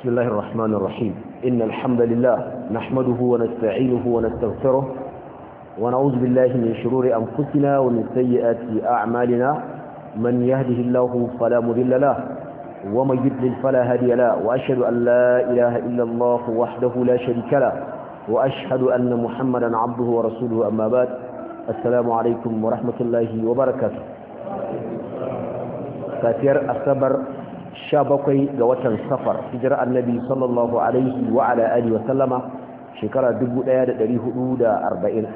بسم الله الرحمن الرحيم إن الحمد لله نحمده ونستعينه ونستغفره ونعوذ بالله من شرور أنفسنا ومن سيئات أعمالنا من يهده الله فلا مذل له ومن يضلل فلا هادي له وأشهد أن لا إله إلا الله وحده لا شريك له وأشهد أن محمدا عبده ورسوله أما بعد السلام عليكم ورحمة الله وبركاته كثير الصبر 17 ga watan safar hijira annabi sallallahu alaihi wa ala alihi wa sallama shekara 1440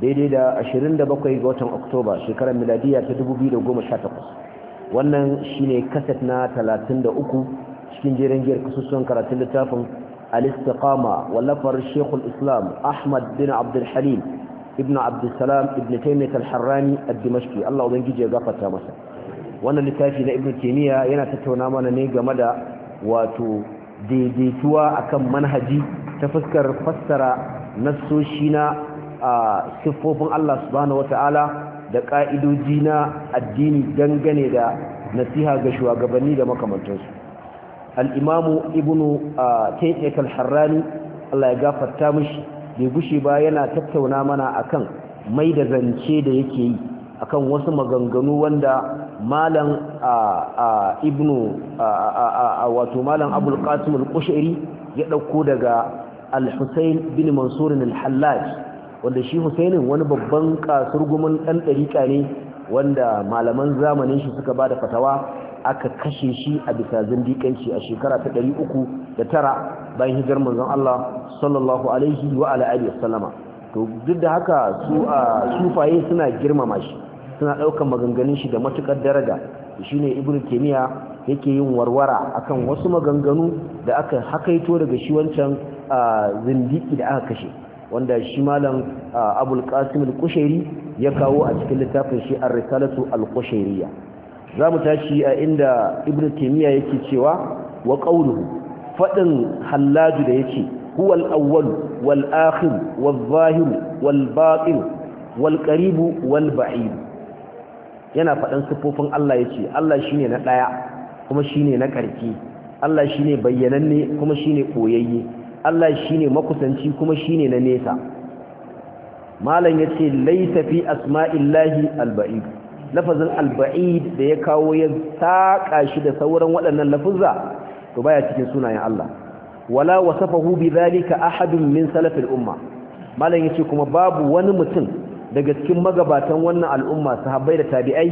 daidai da 27 ga watan oktoba shekarar miladiya ta 2018 wannan shine kaset na 33 cikin jerin giyar kasusuwan karatun littafin al-istiqama wallafar shekul islam ahmad bin abdul halim ibn abdul salam ibn taymiyyah al-harrani ad-dimashqi Allah ubangiji ya gafarta masa wannan littafi na ibnu taymiya yana tattauna mana ne game da wato daidaituwa akan manhaji ta fuskar fassara nassoshi na siffofin Allah subhanahu wataala da ka'idoji na addini dangane da nasiha ga shugabanni da makamantansu al-imamu ibnu tayyib al-harrani Allah ya gafarta mishi bai gushi ba yana tattauna mana akan mai da zance da yake yi akan wasu maganganu wanda malam ibnu wato malam abul qasim al qushairi ya dauko daga al-husayn bin mansur al-hallaj wanda shi Hussaini wani babban kasurgumin dan dariƙa ne wanda malaman zamanin shi suka bada fatawa aka kashe shi a bisa zindikanci a shekara ta ɗari uku da tara bayan hijar manzon Allah sallallahu alaihi wa ala alihi wasallama to duk da haka su sufaye suna girmama shi suna ɗaukar maganganun shi da matuƙar daraja ne ibnu kemiya yake yin warwara akan wasu maganganu da aka hakaito daga shi wancan zindiki da aka kashe wanda shi malam abul qasim al qushairi ya kawo a cikin littafin shi ar-risalatu al za zamu tashi a inda ibn taymiya yake cewa wa qawluhu fadin hallaju da yake huwa al-awwal wal akhir wal zahir wal batin wal qarib wal ba'id yana faɗan siffofin Allah ya ce Allah shi ne na ɗaya kuma shi ne na ƙarfi Allah shi ne bayyananne kuma shi ne koyayye Allah shi ne makusanci kuma shi ne na nesa malam ya ce laisa fi asma'illahi alba'id lafazin alba'id da ya kawo ya saƙa shi da sauran waɗannan lafuzza to baya cikin sunayen Allah wala wasafahu bi zalika ahadun min salafil umma malam ya ce kuma babu wani mutum daga cikin magabatan wannan al'umma sahabbai da tabi'ai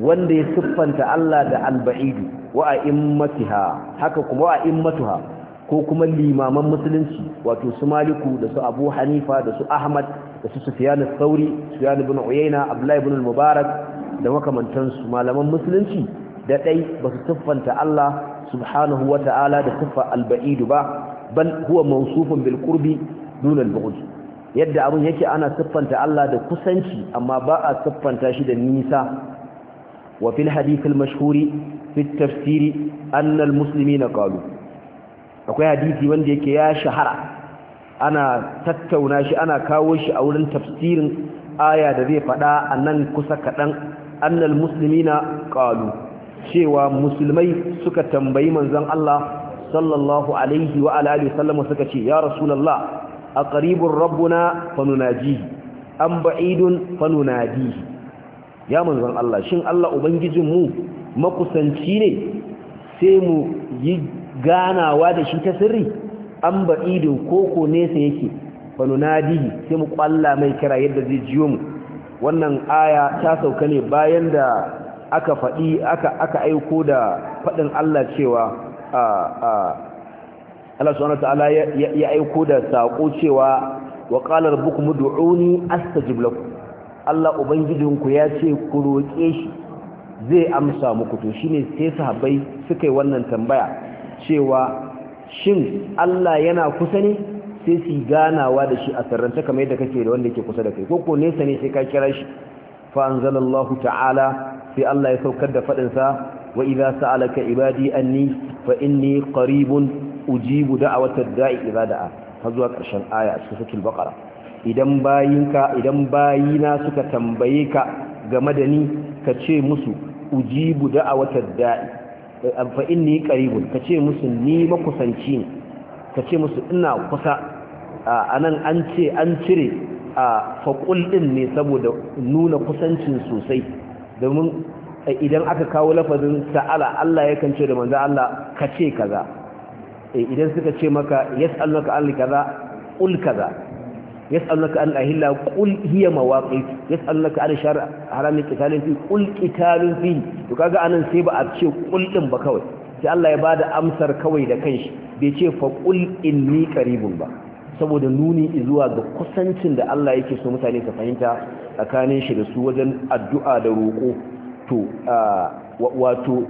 wanda ya siffanta Allah da alba'idu wa a'immatiha haka kuma wa a'immatuha ko kuma limaman musulunci wato su Maliku da su Abu Hanifa da su Ahmad da su Sufyan al-Thauri Sufyan ibn Uyayna Abdullah ibn al-Mubarak da makamantan su malaman musulunci da dai ba su siffanta Allah subhanahu wata'ala da siffa alba'idu ba bal huwa mawsufun bil qurbi dun al-bu'd yadda abin yake ana siffanta Allah da kusanci amma ba a siffanta shi da nisa wa fil hadith al mashhuri fi tafsiri an al muslimina qalu akwai hadisi wanda yake ya shahara ana tattauna shi ana kawo shi a wurin tafsirin aya da zai fada a nan kusa kadan an al muslimina qalu cewa musulmai suka tambayi manzon Allah sallallahu alaihi wa alihi wasallam suka ce ya rasulullah A aqribur rabbuna fanunajihi an ba'idun fanunadihi ya manzon Allah shin Allah ubangijin mu makusanci ne sai mu yi ganawa da shi ta sirri an ba'idun koko nesa yake fanunadihi sai mu kwalla mai kira yadda zai jiyo mu wannan aya ta sauka ne bayan da aka faɗi aka aka aiko da faɗin Allah cewa a a Allah subhanahu wataala ya aiko da sako cewa wa qala rabbukum ud'uni astajib lakum Allah ubangijinku ya ce ku roke shi zai amsa muku to shine sai sahabbai suka yi wannan tambaya cewa shin Allah yana kusa ne sai su ganawa da shi a sarrance kamar yadda kake da wanda yake kusa da kai ko ko nesa ne sai ka kira shi fa anzalallahu ta'ala sai Allah ya saukar da fadin sa wa idza sa'alaka ibadi anni fa inni qaribun ujibu da'awatar da'i idza da'a har zuwa ƙarshen aya a cikin suratul baqara idan bayinka idan bayina suka tambaye ka game da ni ka ce musu ujibu da'awatar da'i eh, fa inni qaribun ka ce musu ni makusanci ne ka ce musu ina kusa anan an ce an cire a faƙul din ne saboda nuna kusancin sosai domin eh, idan aka kawo lafazin sa'ala Allah yakan ce da manzo Allah ka ce kaza Eh, idan suka ce maka yas'alunaka an kaza qul kaza yas'alunaka an ahilla qul hiya mawaqit yas'alunaka an shar harami qitalin fi qul qitalun fi to kaga anan sai ba a ce qul din ba kawai sai Allah ya bada amsar kawai da kanshi bai ce fa qul inni qaribun ba saboda nuni zuwa ga kusancin da Allah yake so mutane su fahimta tsakanin shi da su wajen addu'a da roƙo to ah, wato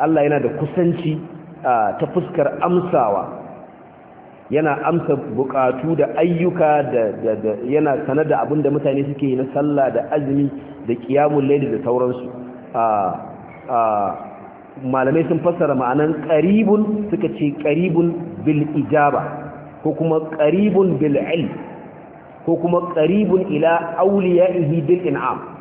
Allah yana da kusanci ta fuskar amsawa yana amsa bukatu da ayyuka da yana sanar da abinda mutane suke yi na sallah da azumi da kiyamun laili da sauransu malamai sun fassara ma'anan ƙaribin suka ce qaribun bil ijaba ko kuma qaribun bil ko kuma qaribun ila awliya'ihi bil in'am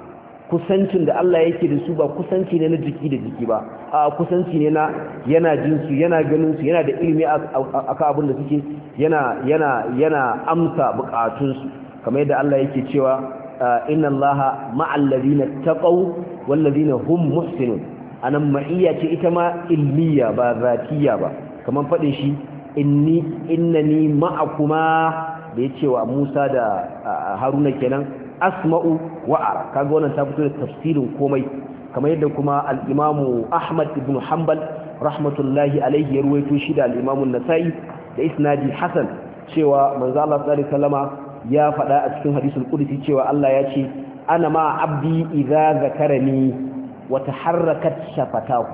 kusancin da Allah yake da su ba kusanci ne na jiki da jiki ba a kusanci ne na yana jinsu, yana ganin su yana da ilimi akan abin da suke yana yana yana amsa bukatunsu kamar yadda Allah yake cewa inna Allaha ma'al ladina taqaw wal ladina hum muhsinun anan ma'iya ce ita ma ilmiya ba zatiya ba kamar faɗin shi inni ni ma'akuma da yace wa Musa da Haruna kenan asma'u wa kaga wannan ta fito da tafsirin komai kamar yadda kuma al-Imam Ahmad ibn Hanbal rahmatullahi alaihi ya ruwaito shi da al-Imam nasai da isnadi Hasan cewa manzo Allah sallallahu alaihi wasallama ya faɗa a cikin hadisul qudsi cewa Allah ya ce ana ma abdi idza zakarani wa taharrakat shafatahu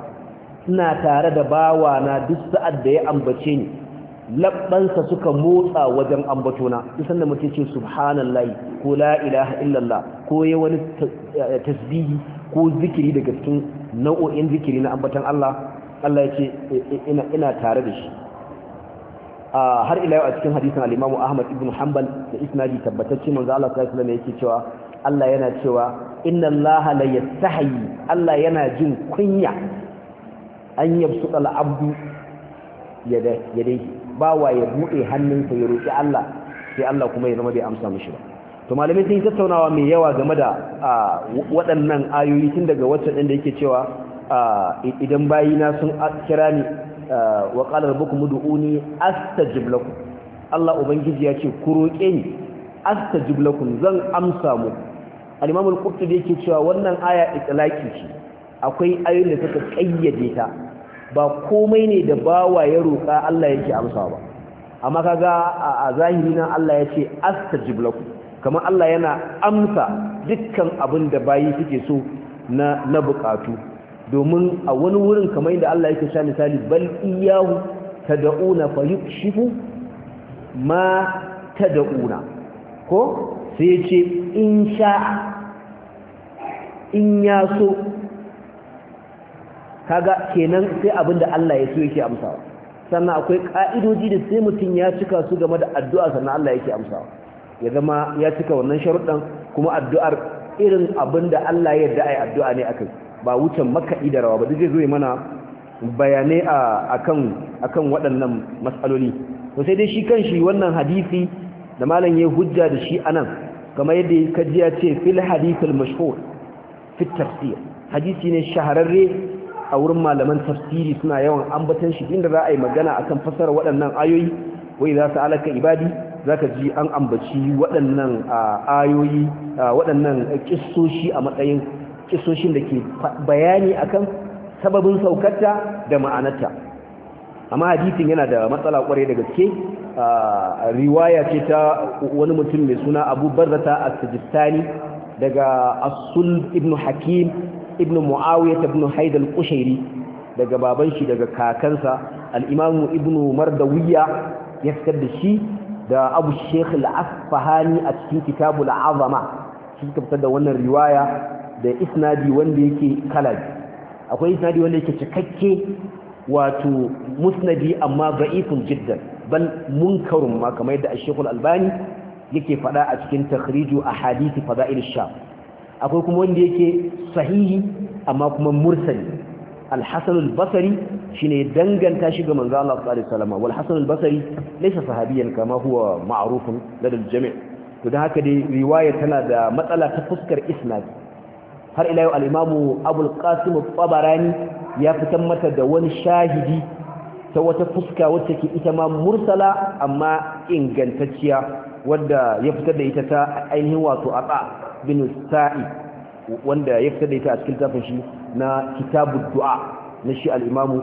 ina tare da bawa na duk sa'ad da ya ambace ni labbansa suka motsa wajen ambatona isan da muke ce subhanallahi ko la ilaha illallah ko ya wani eh, tasbihi ko zikiri daga cikin nau'o'in zikiri na ambatan Allah Allah ya ce eh, eh, ina ina tare da shi har ila a cikin hadisin al-Imam Ahmad ibn Hanbal da isnadi tabbatacce manzo Allah sallallahu alaihi wasallam yake cewa Allah yana cewa inna Allaha la yastahi Allah yana jin kunya an yabsu al-abdu yadayhi bawa ya buɗe hannunsa ya roƙi Allah sai Allah kuma ya zama bai amsa mishi ba to malamai sun yi tattaunawa mai yawa game da waɗannan ayoyi tun daga wacce ɗin da yake cewa idan na sun kira ni wa qala rabbukum ud'uni astajib lakum Allah ubangiji ya ce ku roƙe ni astajib lakum zan amsa mu. al-imam al-qurtubi yake cewa wannan aya itlaqi ce akwai ayoyin da suka kayyade ta ba komai ne da bawa ya roƙa Allah yake amsa ba amma kaga a zahiri nan Allah ya ce astajib lakum kamar Allah yana amsa dukkan abin da bayi suke so na na bukatu domin a wani wurin kamar inda Allah yake sha misali bal iyahu tad'una fayukshifu ma tad'una ko sai ce in sha in ya so kaga kenan sai abin da Allah ya so yake amsawa sannan akwai ka'idoji da sai mutum ya cika su game da addu'a sannan Allah yake amsawa ya zama ya cika wannan sharuɗan kuma addu'ar irin abinda Allah ya yarda ai addu'a ne akai ba wucin makaɗi da rawa ba duk zai zo mana bayanai akan akan waɗannan matsaloli to sai dai shi kanshi wannan hadisi da malam ya hujja da shi anan kamar yadda kaji ya ce fil hadithul mashhur fi tafsir hadisi ne shahararre a wurin malaman tafsiri suna yawan ambatan shi inda za a yi magana akan fasara waɗannan ayoyi wai za su alaka ibadi za ka ji an ambaci waɗannan ayoyi waɗannan ƙisoshi a matsayin ƙisoshin da ke bayani akan sababin saukarta da ma'anarta amma hadisin yana da matsala ƙwarai da gaske riwaya ce ta wani mutum mai suna abu barzata a daga asul ibn hakim ibn mu'awiya ibn Haidal qushairi daga baban shi daga kakansa al-imam ibn mardawiya ya fitar da shi da abu sheikh al-asfahani a cikin kitabu al-azama shi ka fitar da wannan riwaya da isnadi wanda yake kalar. akwai isnadi wanda yake cikakke wato musnadi amma da'ifun jiddan bal munkarun ma kamar yadda al-sheikh al-albani yake fada a cikin takhriju ahadith fada'il ash-sham akwai kuma wanda yake sahihi amma kuma mursali al-hasan al-basri shine danganta shi ga manzo Allah sallallahu alaihi wasallam wal hasan al-basri laysa sahabiyan kama huwa ma'rufun ladal jami' to dan haka dai riwaya tana da matsala ta fuskar isnad har ila yau al-imamu Abu al-Qasim al-Tabarani ya fitar mata da wani shahidi ta wata fuska wacce ke ita ma mursala amma ingantacciya wadda ya fitar da ita ta ainihin wato aqa bin sa'i wanda ya fita da ita a cikin tafin shi na kitabu du'a na shi al'imamu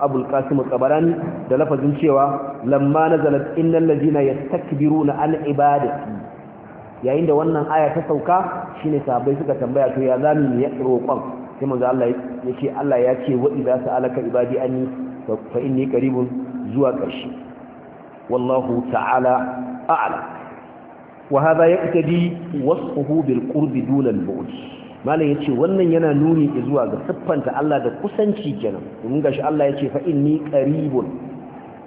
abul qasim qabarani da lafazin cewa lamma nazalat innal ladina yastakbiruna an ibadati yayin da wannan aya ta sauka shine sahabbai suka tambaya to ya zamu ne roƙon sai manzo Allah yace Allah ya ce wa idza sa'alaka ibadi anni fa inni qaribun zuwa ƙarshe wallahu ta'ala a'lam wa hadha yaqtadi wasfuhu bil qurbi dun al bu'd malam yace wannan yana nuni zuwa ga siffanta Allah da kusanci kenan mun gashi Allah yace fa inni qaribun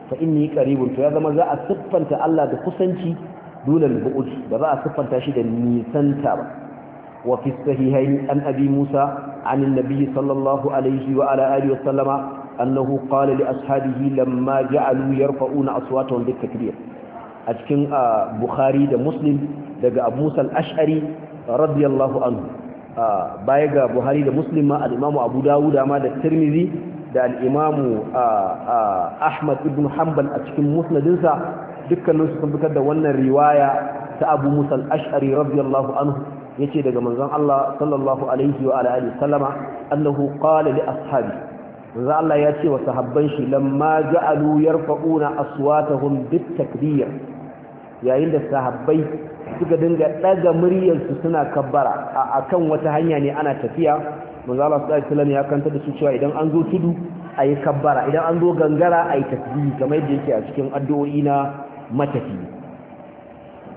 fa inni qaribun to ya zama za a siffanta Allah da kusanci dun al bu'd ba za a siffanta shi da nisanta ba wa fi sahihayn an abi musa an عن النبي صلى الله عليه وعلى آله وسلم أنه قال لأصحابه لما جعلوا يرفعون أصواتهم بالتكبير a cikin bukhari da muslim daga abu musal ash'ari radiyallahu anhu baya ga buhari da muslim ma al'imamu abu dawuda ma da tirmizi da al'imamu ahmad ibn hanbal a cikin musnadinsa dukkaninsu sun fitar da wannan riwaya ta abu musal ash'ari radiyallahu anhu ya ce daga manzon Allah sallallahu alaihi wa alihi sallama annahu qala li ashabi manzon Allah ya ce wa sahabban shi lamma ja'alu yarfa'una aswatahum bit takbir yayin da sahabbai suka dinga daga muryarsu suna kabbara a kan wata hanya ne ana tafiya manzala su ɗari ya kanta da su cewa idan an zo tudu ayi kabbara idan an zo gangara ayi tasbihi kamar yadda yake a cikin addu'o'i na matafi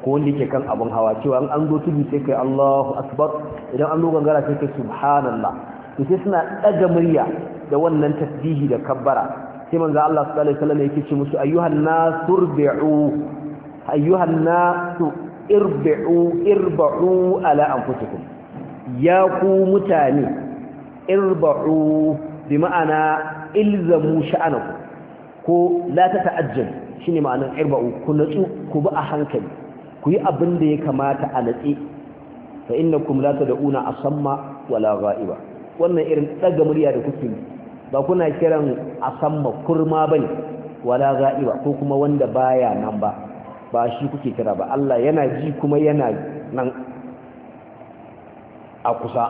ko wanda yake kan abin hawa cewa an zo tudu sai kai allahu akbar idan an zo gangara sai kai subhanallah to sai suna daga murya da wannan tasbihi da kabbara sai manzo Allah sallallahu alaihi wasallam yake ce musu ayyuhan nasurbi'u ayyuhan nasu irba'u irba'u ala anfusikum ya ku mutane irba'u bi ma'ana ilzamu sha'anakum ko la ta'ajjal shine ma'anar irba'u ku natsu ku bi a hankali ku yi abin da ya kamata a natsi fa innakum la tad'una asamma wala ghaiba wannan irin daga murya da kuke ba kuna kiran asamma kurma bane wala ghaiba ko kuma wanda baya nan ba ba shi kuke kira ba Allah yana ji kuma yana nan a kusa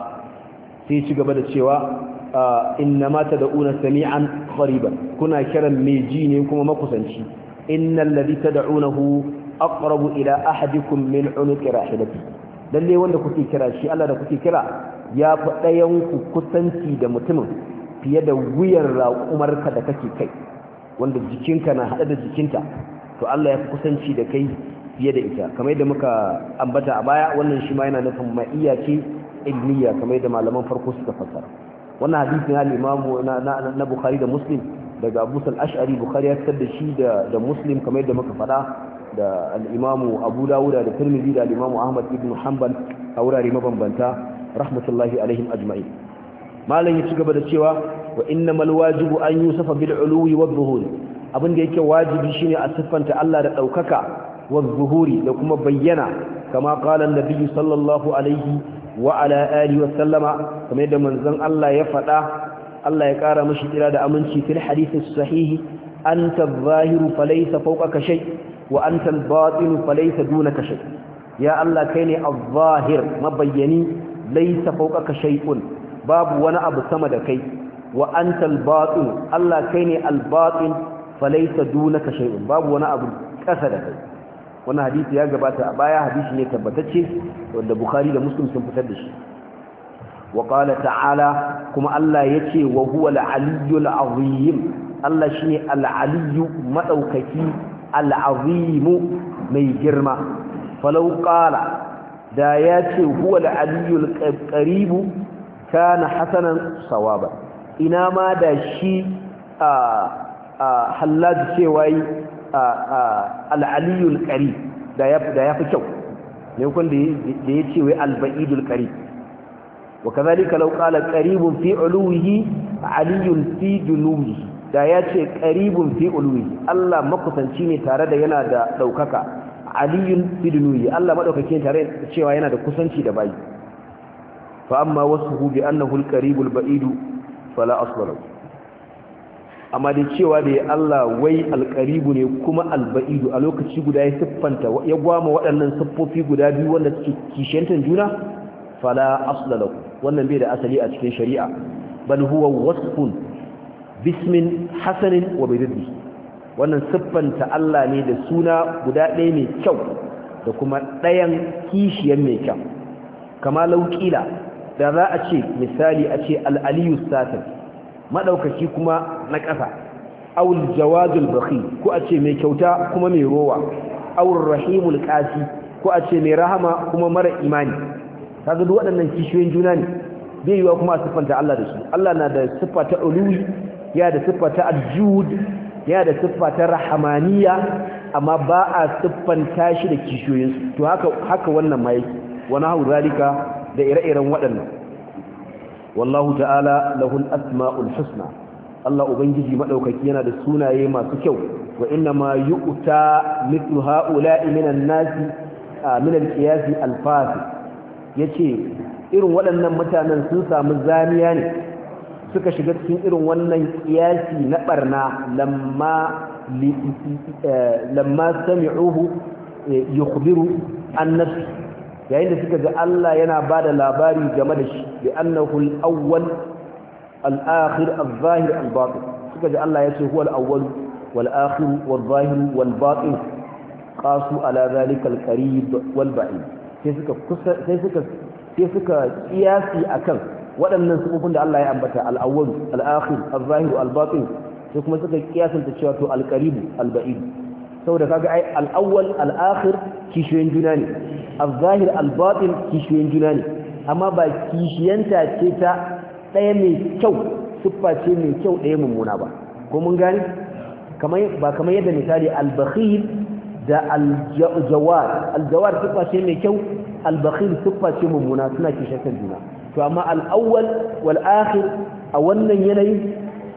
sai ci gaba da cewa ah, inna ma tad'una sami'an qariban kuna kiran mai ji ne kuma makusanci da ladhi tad'unahu aqrabu ila ahadikum min unuqi rahilati lalle wanda kuke kira shi Allah da kuke kira ya fi ɗayan ku kusanci da mutumin fiye da wuyar raƙumarka da kake kai wanda jikinka na haɗe da jikinta to Allah ya fi kusanci da kai fiye da ita kamar yadda muka ambata a baya wannan shi ma yana nufin ma'iyya ce ilmiya kamar yadda malaman farko suka fassara wannan hadisi na limamu na bukhari da muslim daga abu ashari bukhari ya fitar da shi da muslim kamar yadda muka faɗa da al-imamu abu dawuda da tirmidhi da imamu ahmad ibn hanbal a wurare mabambanta rahmatullahi alaihim ajma'in malam ya ci gaba da cewa wa innamal wajibu an yusafa bil uluwi wadh abin da yake wajibi shine a siffanta Allah da daukaka wa zuhuri da kuma bayyana kama qala annabi sallallahu alaihi wa ala alihi wa sallama kamar yadda manzon Allah ya faɗa Allah ya ƙara mishi kira da aminci fil hadisi sahihi anta adh-dhahiru falaysa fawqaka shay wa anta al-batinu falaysa dunaka shay ya Allah kai ne adh-dhahir mabayyani laysa fawqaka shay'un babu wani abu sama da kai wa anta al-batin Allah kai ne al-batin duna dunaka shay'un babu wani abu kasa da kai wani hadisi ya gabata a baya hadisi ne tabbatacce wanda bukari da muslim sun fitar da shi wa qala ta'ala kuma Allah yace wa huwa al'aliyu aliyyul Allah shine ne al'aliyu madaukaki al mai girma falau qala da yace huwa al-aliyyul kana hasanan sawaba ina ma da shi a hallaj ce yi al'aliyun ƙari da ya fi kyau ne da ya ce wai alba'idul ƙari wa kazalika law ƙaribin qaribun fi uluwihi aliyun fi junubihi da ya ce qaribun fi uluwihi Allah makusanci ne tare da yana da ɗaukaka aliyun fi junubihi Allah madaukake tare cewa yana da kusanci da bayi fa amma wasfuhu bi annahu alqaribul fala asla amma dai cewa da ya Allah wai alƙaribu ne kuma alba'idu a lokaci guda ya siffanta ya gwama waɗannan siffofi guda biyu wanda suke kishiyantar juna fala asla wannan bai da asali a cikin shari'a bal huwa wasfun bismin hasanin wa bidhi wannan siffanta Allah ne da suna guda ɗaya mai kyau da kuma ɗayan kishiyan mai kyau kama lauƙila da za a ce misali a ce al-aliyu satir madaukaki kuma na ƙasa awul jawazul bakhi ko a ce mai kyauta kuma mai rowa awul rahimul qasi ko a ce mai rahama kuma mara imani kaga duk waɗannan kishiyoyin juna ne bai yiwa kuma a siffanta Allah da su Allah na da siffa ta uluwi ya da siffa ta aljud ya da siffa ta rahamaniya amma ba a siffanta shi da kishiyoyinsu to haka haka wannan ma yake wa nahu zalika da ire-iren waɗannan wallahu ta'ala lahul asma'ul husna Allah ubangiji madaukaki yana da sunaye masu kyau wa inna ma yu'ta mithlu ha'ula'i minan nasi min al al-fasi yace irin waɗannan mutanen sun samu zaniya ne suka shiga cikin irin wannan qiyasi na barna lamma eh, lamma sami'uhu eh, yukhbiru an nafsi yayin da suka ga Allah yana ba da labari game da shi bi annahu al-awwal al-akhir al-zahir al-batin suka ga Allah yace huwa al-awwal wal-akhir wal-zahir wal-batin qasu ala zalika al-qarib wal-ba'id sai suka kusa sai suka sai suka kiyasi akan waɗannan sifofin da Allah ya ambata al-awwal al-akhir al-zahir al-batin sai kuma suka kiyasanta cewa to al-qarib al-ba'id saboda kaga ai al-awwal al-akhir kishiyoyin juna ne al-zahir al-batin kishiyoyin juna ne amma ba kishiyanta ce ta ɗaya mai kyau siffa ce mai kyau ɗaya mummuna ba ko mun gane ba kamar yadda misali al-bakhil da al-jawar al-jawar siffa ce mai kyau al-bakhil siffa ce mummuna suna kishiyantar juna to amma al-awwal wal-akhir a wannan yanayin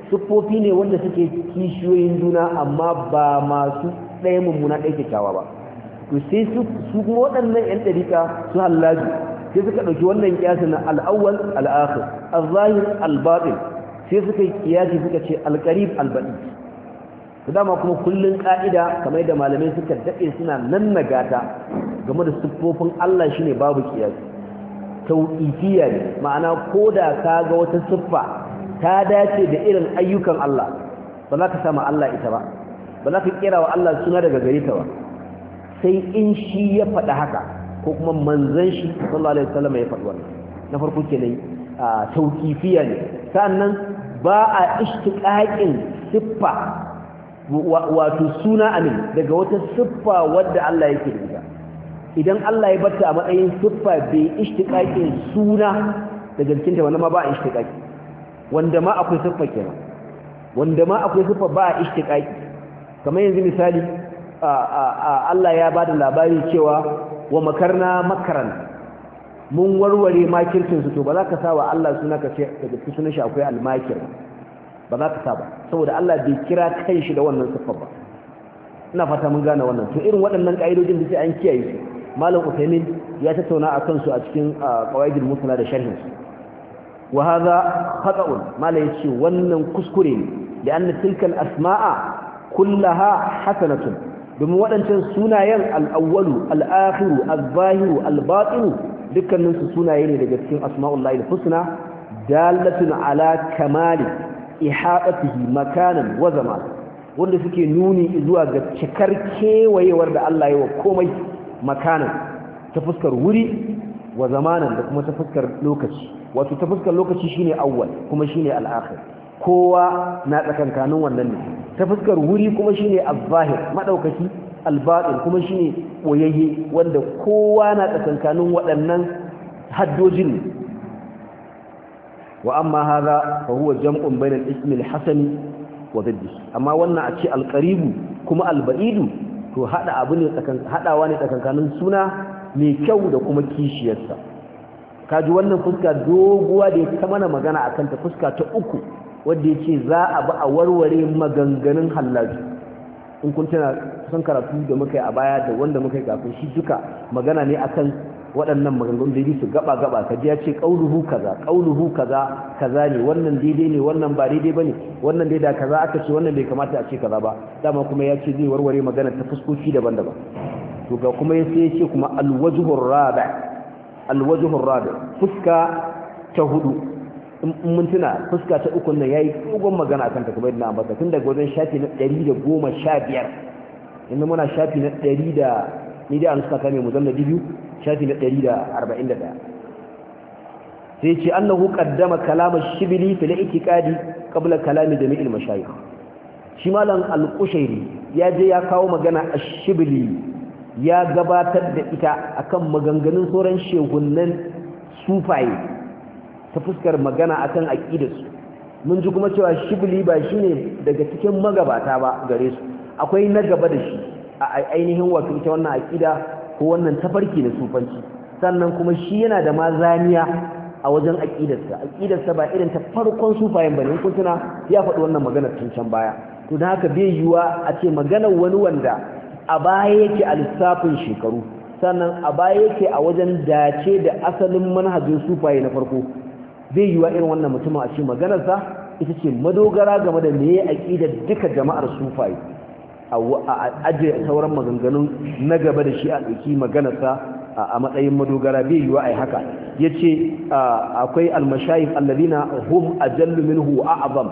siffofi ne wanda suke kishiyoyin juna amma ba masu ɗaya mummuna ɗaya kyakkyawa ba to sai su kuma waɗannan ‘yan ɗarika su hallaji sai suka ɗauki wannan ƙiyasi na al'awwal al'akhir al-zahir al-batin sai suka yi ƙiyasi suka ce al-qarib al-ba'id to dama kuma kullun ka'ida kamar yadda malamai suka daɗe suna nan nagata game da siffofin Allah shine babu ƙiyasi tauƙifiya ne ma'ana ko da ka ga wata siffa ta dace da irin ayyukan Allah ba za ka sama Allah ita ba ba za ka kira wa Allah suna daga gari ta ba sai in shi ya faɗa haka ko kuma manzon shi sallallahu alaihi wasallam ya faɗi wannan na farko kenan tawqifiya ne sannan ba a ishtiqaqin siffa wato suna amin daga wata siffa wadda Allah yake da ita idan Allah ya bata a matsayin siffa bai ishtiqaqin suna daga cikin ta wannan ma ba a ishtiqaqi wanda ma akwai siffa kenan wanda ma akwai siffa ba a ishtiqaqi kamar yanzu misali Allah ya bada labari cewa wa makarna makaran mun warware makircin to ba za ka sa wa Allah suna ka ce daga cikin sunan shi akwai almakir ba za ka sa ba saboda Allah bai kira shi da wannan siffar ba ina fata mun gane wannan to irin waɗannan ka'idojin da sai an kiyaye su malam Uthaymeen ya tattauna a kansu a cikin qawaidul musnad da sharhin su wa hadha khata'un malam yace wannan kuskure ne da anna tilka asmaa kullaha hasanatun domin waɗancan sunayen al'awwalu al'ahiru al-zahiru al-batinu dukkaninsu sunaye ne daga cikin asma'ullahi husna dalatun ala kamali ihaɗatihi makanan wa wanda suke nuni zuwa ga cikar kewayewar da Allah yi wa komai makanan ta fuskar wuri wa zamanan da kuma ta fuskar lokaci wato ta fuskar lokaci shine awwal kuma shine al kowa na tsakankanin wannan ne ta fuskar wuri kuma shine al-zahir madaukaki al-batin kuma shine boyayye wanda kowa na tsakankanin waɗannan haddojin ne wa amma hadha fa huwa jam'un bayna al ism al-hasan wa diddi amma wannan a ce al-qaribu kuma al-ba'idu to hada abu ne tsakan hadawa ne tsakankanin suna mai kyau da kuma kishiyarsa kaji wannan fuska doguwa da ya ta mana magana akan ta fuska ta uku wanda yake za a ba a warware maganganun hallaju in kun tana kusan karatu da muka yi a baya da wanda muka yi kafin shi duka magana ne akan waɗannan maganganun da yi su gaba gaba ka ji ya ce qauluhu kaza qauluhu kaza kaza ne wannan daidai ne wannan ba daidai bane wannan daida kaza aka ce wannan bai kamata a ce kaza ba dama kuma ya ce zai warware magana ta fuskoki daban-daban to ga kuma ya sai ya ce kuma alwajhur rabi' alwajhur rabi' fuska ta hudu in fuska ta ukun nan yayi dogon magana akan ta kamar na ambata tun daga wajen shafi na 115 inda muna shafi na 100 da ni da an suka kame mu zanna biyu shafi na 141 sai ce annahu qaddama kalam ash-shibli al i'tiqadi qabla kalam jami'il mashayikh shi malam al-qushairi ya je ya kawo magana ash-shibli ya gabatar da ita akan maganganun sauran shehunnan sufaye ta fuskar magana akan aqidarsu mun ji kuma cewa shibli ba shine daga cikin magabata ba gare su akwai na gaba da shi a ainihin wato ita wannan aqida ko wannan tafarki da sufanci sannan kuma shi yana da mazaniya a wajen aqidarsa aqidarsa ba irin ta farkon sufayen bane kun tuna ya faɗi wannan magana tun can baya to dan haka bai yiwa a ce magana wani wanda a baya yake a lissafin shekaru sannan a baya yake a wajen dace da asalin manhajin sufaye na farko yi yiwa irin wannan mutumin a cikin maganarsa ita ce madogara game da me ya aƙida duka jama'ar sufaye a ajiye sauran maganganun na gaba da shi a ɗauki maganarsa a matsayin madogara bai yiwa a haka ya ce akwai a allazina hum ajallu bam! a'zam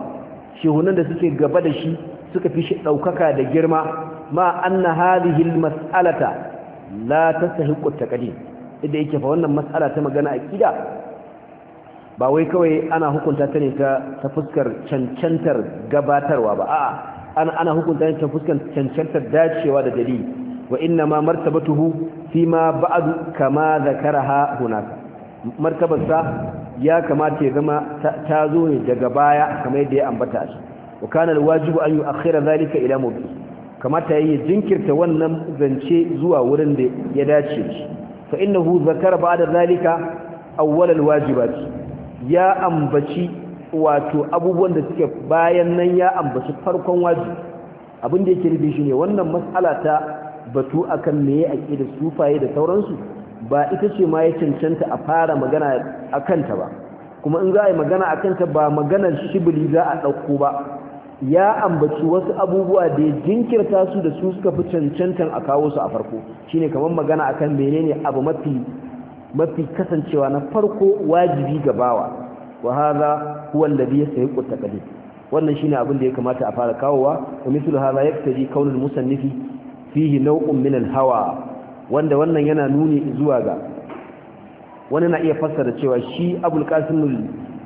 shehunan da suke gaba da shi suka fi shi ɗaukaka da girma ma anna hadhihi masalata la tastahiqu at-taqdim idan yake fa wannan mas'ala ta magana ƙida? ba wai kawai ana hukunta ta ne ta fuskar cancantar gabatarwa ba a'a ana hukunta ta fuskar cancantar dacewa da dalili wa inna ma martabatuhu fi ma ba'du kama zakaraha hunaka martabarsa ya kamata ya zama ta zo ne daga baya kamar yadda ya ambata shi wa kana alwajibu an yu'akhkhira zalika ila mawdi kamata yayi jinkirta wannan zance zuwa wurin da ya dace shi fa innahu zakara ba'da zalika awwal alwajibat ya ambaci wato abubuwan da suke bayan nan ya ambaci farkon wajibi abin da yake shi ne wannan matsala ta batu akan ake da sufaye da sauransu ba ita ce ma ya cancanta a fara magana a kanta ba kuma in za a yi magana a kanta, ba maganar shibili za a ɗauko ba ya ambaci wasu abubuwa da ya jinkirta su da su suka fi cancantan a kawo su a farko shine kamar magana akan menene abu mafi mafi kasancewa na farko wajibi ga bawa wa hadha huwa alladhi yasayiqu taqdim wannan shine abin da ya kamata a fara kawowa wa mithlu hadha yaktaji kaunul musannifi fihi naw'un min al-hawa wanda wannan yana nuni zuwa ga wani na iya fassara cewa shi abul qasim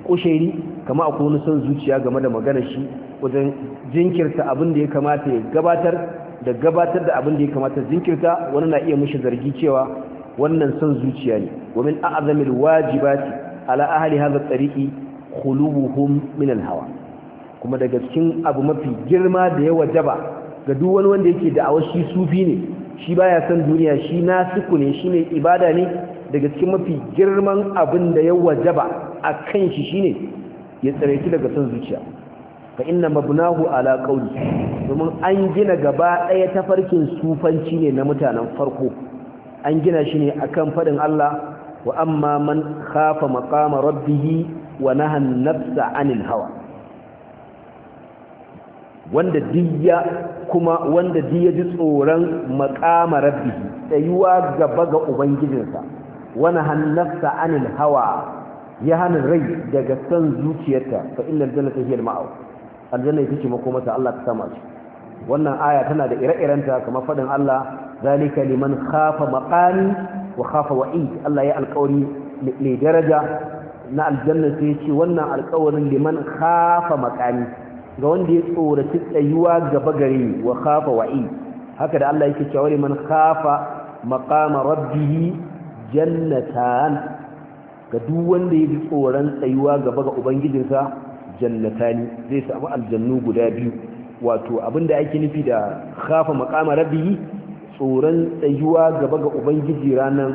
kushairi kama akwai wani son zuciya game da magana shi wajen jinkirta abin da ya kamata ya gabatar da gabatar da abin da ya kamata jinkirta wani na iya mushi zargi cewa wannan son zuciya ne wa min a'zamil wajibati ala ahli hadha tariqi khuluhum min hawa kuma daga cikin abu mafi girma da ya wajaba ga duk wani wanda yake da'awar shi sufi ne shi baya son duniya shi nasiku ne shi ne ibada ne daga cikin mafi girman abin da ya wajaba a kan shi shine ya tsareki daga son zuciya fa inna mabnahu ala qawli domin an gina gaba daya tafarkin sufanci ne na mutanen farko an gina shi ne a kan faɗin Allah wa amma man khafa maƙama rabbihi wa naha nafsa anil hawa wanda diya kuma wanda diya ji tsoron maqama rabbih tsayuwa gaba ga ubangijinsa wa naha nafsa anil hawa ya hana rai daga son zuciyarta fa ta hiyar hiya al-ma'aw aljanna ita ce makomata Allah ta sama shi wannan aya tana da ire-irenta kamar faɗin Allah zalika liman khafa maqami wa khafa wa'i Allah ya alƙawari mai daraja na aljanna sai ya ce wannan alƙawarin liman khafa maqami ga wanda ya tsoraci tsayuwa gaba gare wa khafa wa'i haka da Allah yake cewa liman khafa maqama rabbih jannatan ga duk wanda ya ji tsoron tsayuwa gaba ga ubangijinsa jannatani zai samu aljannu guda biyu wato abinda ake nufi da khafa maqama rabbihi tsoron tsayuwa gaba ga ubangiji ranan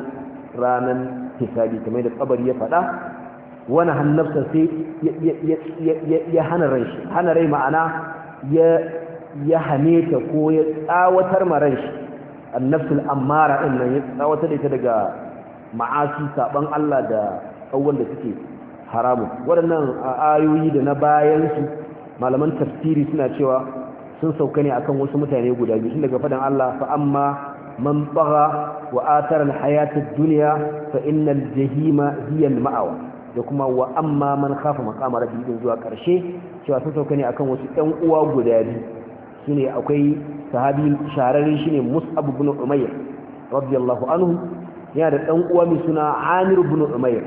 ranan hisabi kamar da kabari ya faɗa wani hannafsa sai ya hana ran shi hana rai ma'ana ya ya hane ta ko ya tsawatar ma ran shi annafsul ammara ɗin nan ya tsawatar da ita daga ma'asi saban Allah da kawwan da suke haramu waɗannan ayoyi da na bayan su malaman tafsiri suna cewa sun sauka ne akan wasu mutane guda biyu tun daga fadan Allah fa amma man bagha wa athara alhayata ad-dunya fa innal jahima hiya maawa da kuma wa amma man khafa maqama rabbih zuwa karshe cewa sun sauka ne akan wasu ɗan uwa guda biyu shine akwai sahabi shahararren shine Mus'ab ibn Umayr radiyallahu anhu yana da ɗan uwa mai suna Amir ibn Umayr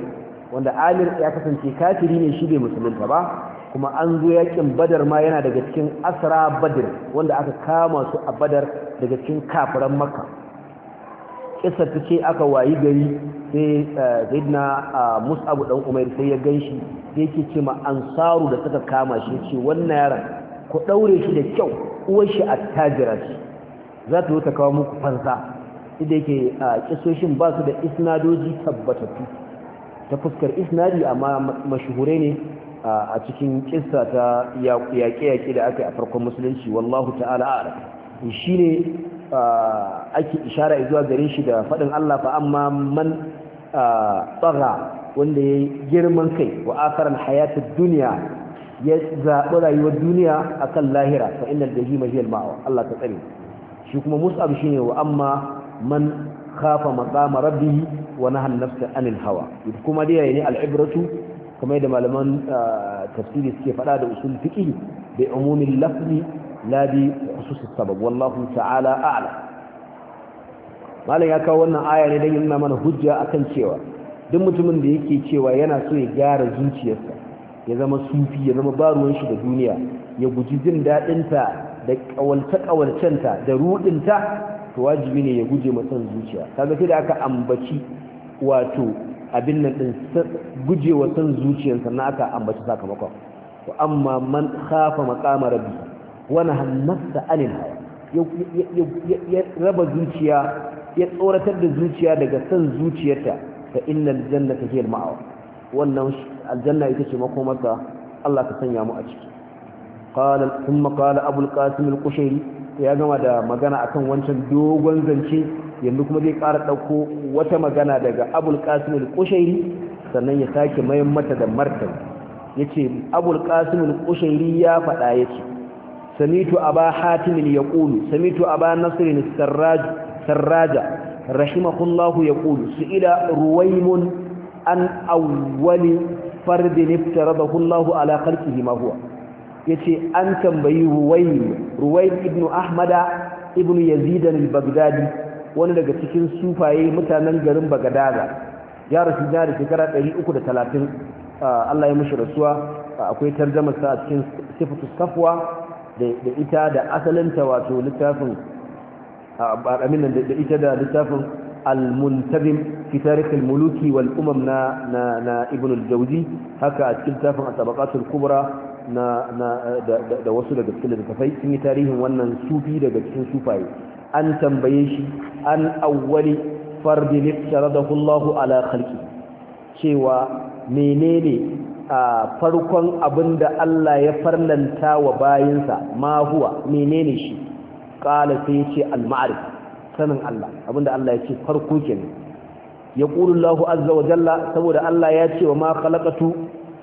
wanda Amir ya kasance kafiri ne shi bai musulunta ba kuma an zo yakin badar ma yana daga cikin asra badar wanda aka kama su a badar daga cikin kafiran makka kisa ta ce aka wayi gari sai zaidna eh, ah, mus'abu dan umair sai ya ganshi sai yake ce ma ansaru da suka kama shi ce wannan yaran ku ɗaure shi da kyau uwar shi a tajira shi za ta ta kawo muku fansa inda yake ah, kisoshin ba su da isnadoji tabbatattu ta fuskar isnadi amma mashuhure ne a cikin kissa ta yaƙe-yaƙe da aka yi a farkon musulunci wallahu ta'ala a'lam shi ne ake ishara zuwa gare shi da faɗin Allah fa amma man tsara wanda ya girman kai wa akaran hayatar duniya ya zaɓi rayuwar duniya akan lahira fa inna al-jahima hiya al Allah ta tsare shi kuma mus'ab shine wa amma man khafa maqama rabbih wa nahana nafsa anil hawa kuma dai ne al-ibratu kuma da malaman ah, tafsiri suke faɗa da usul fiqi bi umumi lafzi la bi khususis sabab wallahu ta'ala a'la malam ya kawo wannan aya ne dan yana mana hujja akan cewa duk mutumin da yake cewa yana so ya gyara zuciyarsa ya zama sufi ya zama baruwan shi da duniya ya guji jin daɗinta da ƙawalce ta da ruɗinta to wajibi ne ya guje matsan zuciya kaga sai da aka ambaci wato abin nan din gujewa san zuciyar na aka ambaci sakamakon wa amma man khafa maqama rabbi wa nahannasa anil hawa ya raba zuciya ya tsoratar da zuciya daga san zuciyarta fa innal jannata hiya al-ma'wa wannan aljanna ita ce makomarta Allah ka sanya mu a ciki qala thumma qala abul qasim al-qushayri ya gama da magana akan wancan dogon zance yanzu kuma zai ƙara ɗauko wata magana daga abul al sannan ya sake mayan mata da martani yace abul qasim al-qushairi ya faɗa yace samitu aba hatim yaqulu samitu aba nasr al sarraja rahimahullahu su su'ila ruwaymun an awwali fard iftaradahu ala khalqihi mahuwa ya yace an tambayi ruwaym ibn ahmada ibn yazidan al-baghdadi wani daga cikin sufaye mutanen garin bagadaza ya rasu da shekara 330 Allah ya mushi rasuwa akwai tarjamarsa sa a cikin sifatu safwa da ita da asalinta wato littafin aminan da ita da littafin al-muntabim fi tarikh muluki wal umam na na ibn al-jawzi haka a cikin littafin at kubra na na da wasu daga cikin littafai sun yi tarihin wannan sufi daga cikin sufaye an tambaye shi an awwali fardi liftaradahu Allahu ala khalqi cewa menene a farkon abinda Allah ya farlanta wa bayinsa ma huwa menene shi qala sai yace al-ma'rif sanin Allah abinda Allah yace farko kenan yaqulu Allahu azza wa jalla saboda Allah ya ce wa ma khalaqatu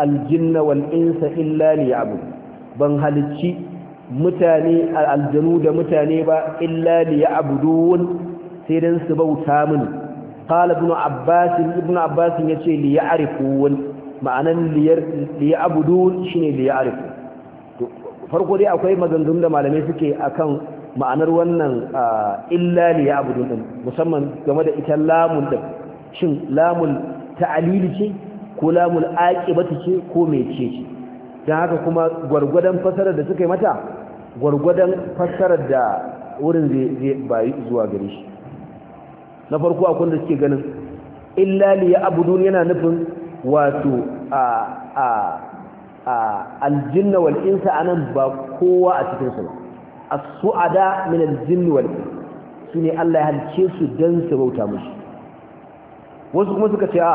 al-jinna wal insa illa liya'bud ban halicci mutane aljanu da mutane ba illa li ya'budun sai dan su bauta mini qala ibn abbas ibn abbas yace li ya'rifun ma'anan li ya'budun shine li ya'rifu farko dai akwai maganganun da malamai suke akan ma'anar wannan illa li ya'budun musamman game da ita lamun din shin lamul ta'lil ce ko lamul aqibati ce ko mece ce don haka kuma gwargwadon fassarar da suka yi mata gwargwadon fassarar da wurin zai bayi zuwa gare shi na farko a kunda suke ganin illali ya abudun yana nufin wato a a a aljinna insa anan ba kowa a cikin su ba as-su'ada min al-jinn Su ne Allah ya halce su dan su bauta mashi wasu kuma suka ce a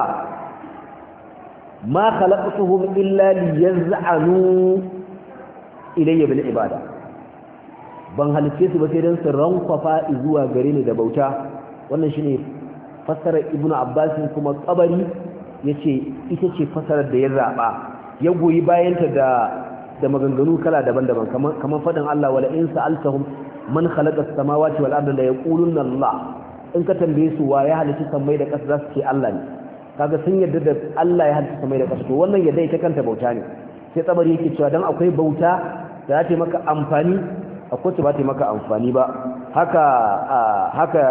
ma khalaqtuhum illa liyaz'anu ilayya bil ibada ban halice su ba sai dan su rankwafa zuwa gare ni da bauta wannan shine fasara ibnu abbas kuma qabari yace ita ce fasarar da ya zaba ya goyi bayanta da da maganganu kala daban-daban kaman kaman fadin Allah wala in sa'altahum man khalaqa as-samawati wal arda la yaquluna Allah in ka tambaye su wa ya halice sammai da ƙasa za su ce Allah ne kaga sun yarda da Allah ya halitta samai da ƙasa to wannan yadda ita kanta bauta ne sai tsabari yake cewa dan akwai bauta da za ta maka amfani akwai ta ba ta maka amfani ba haka haka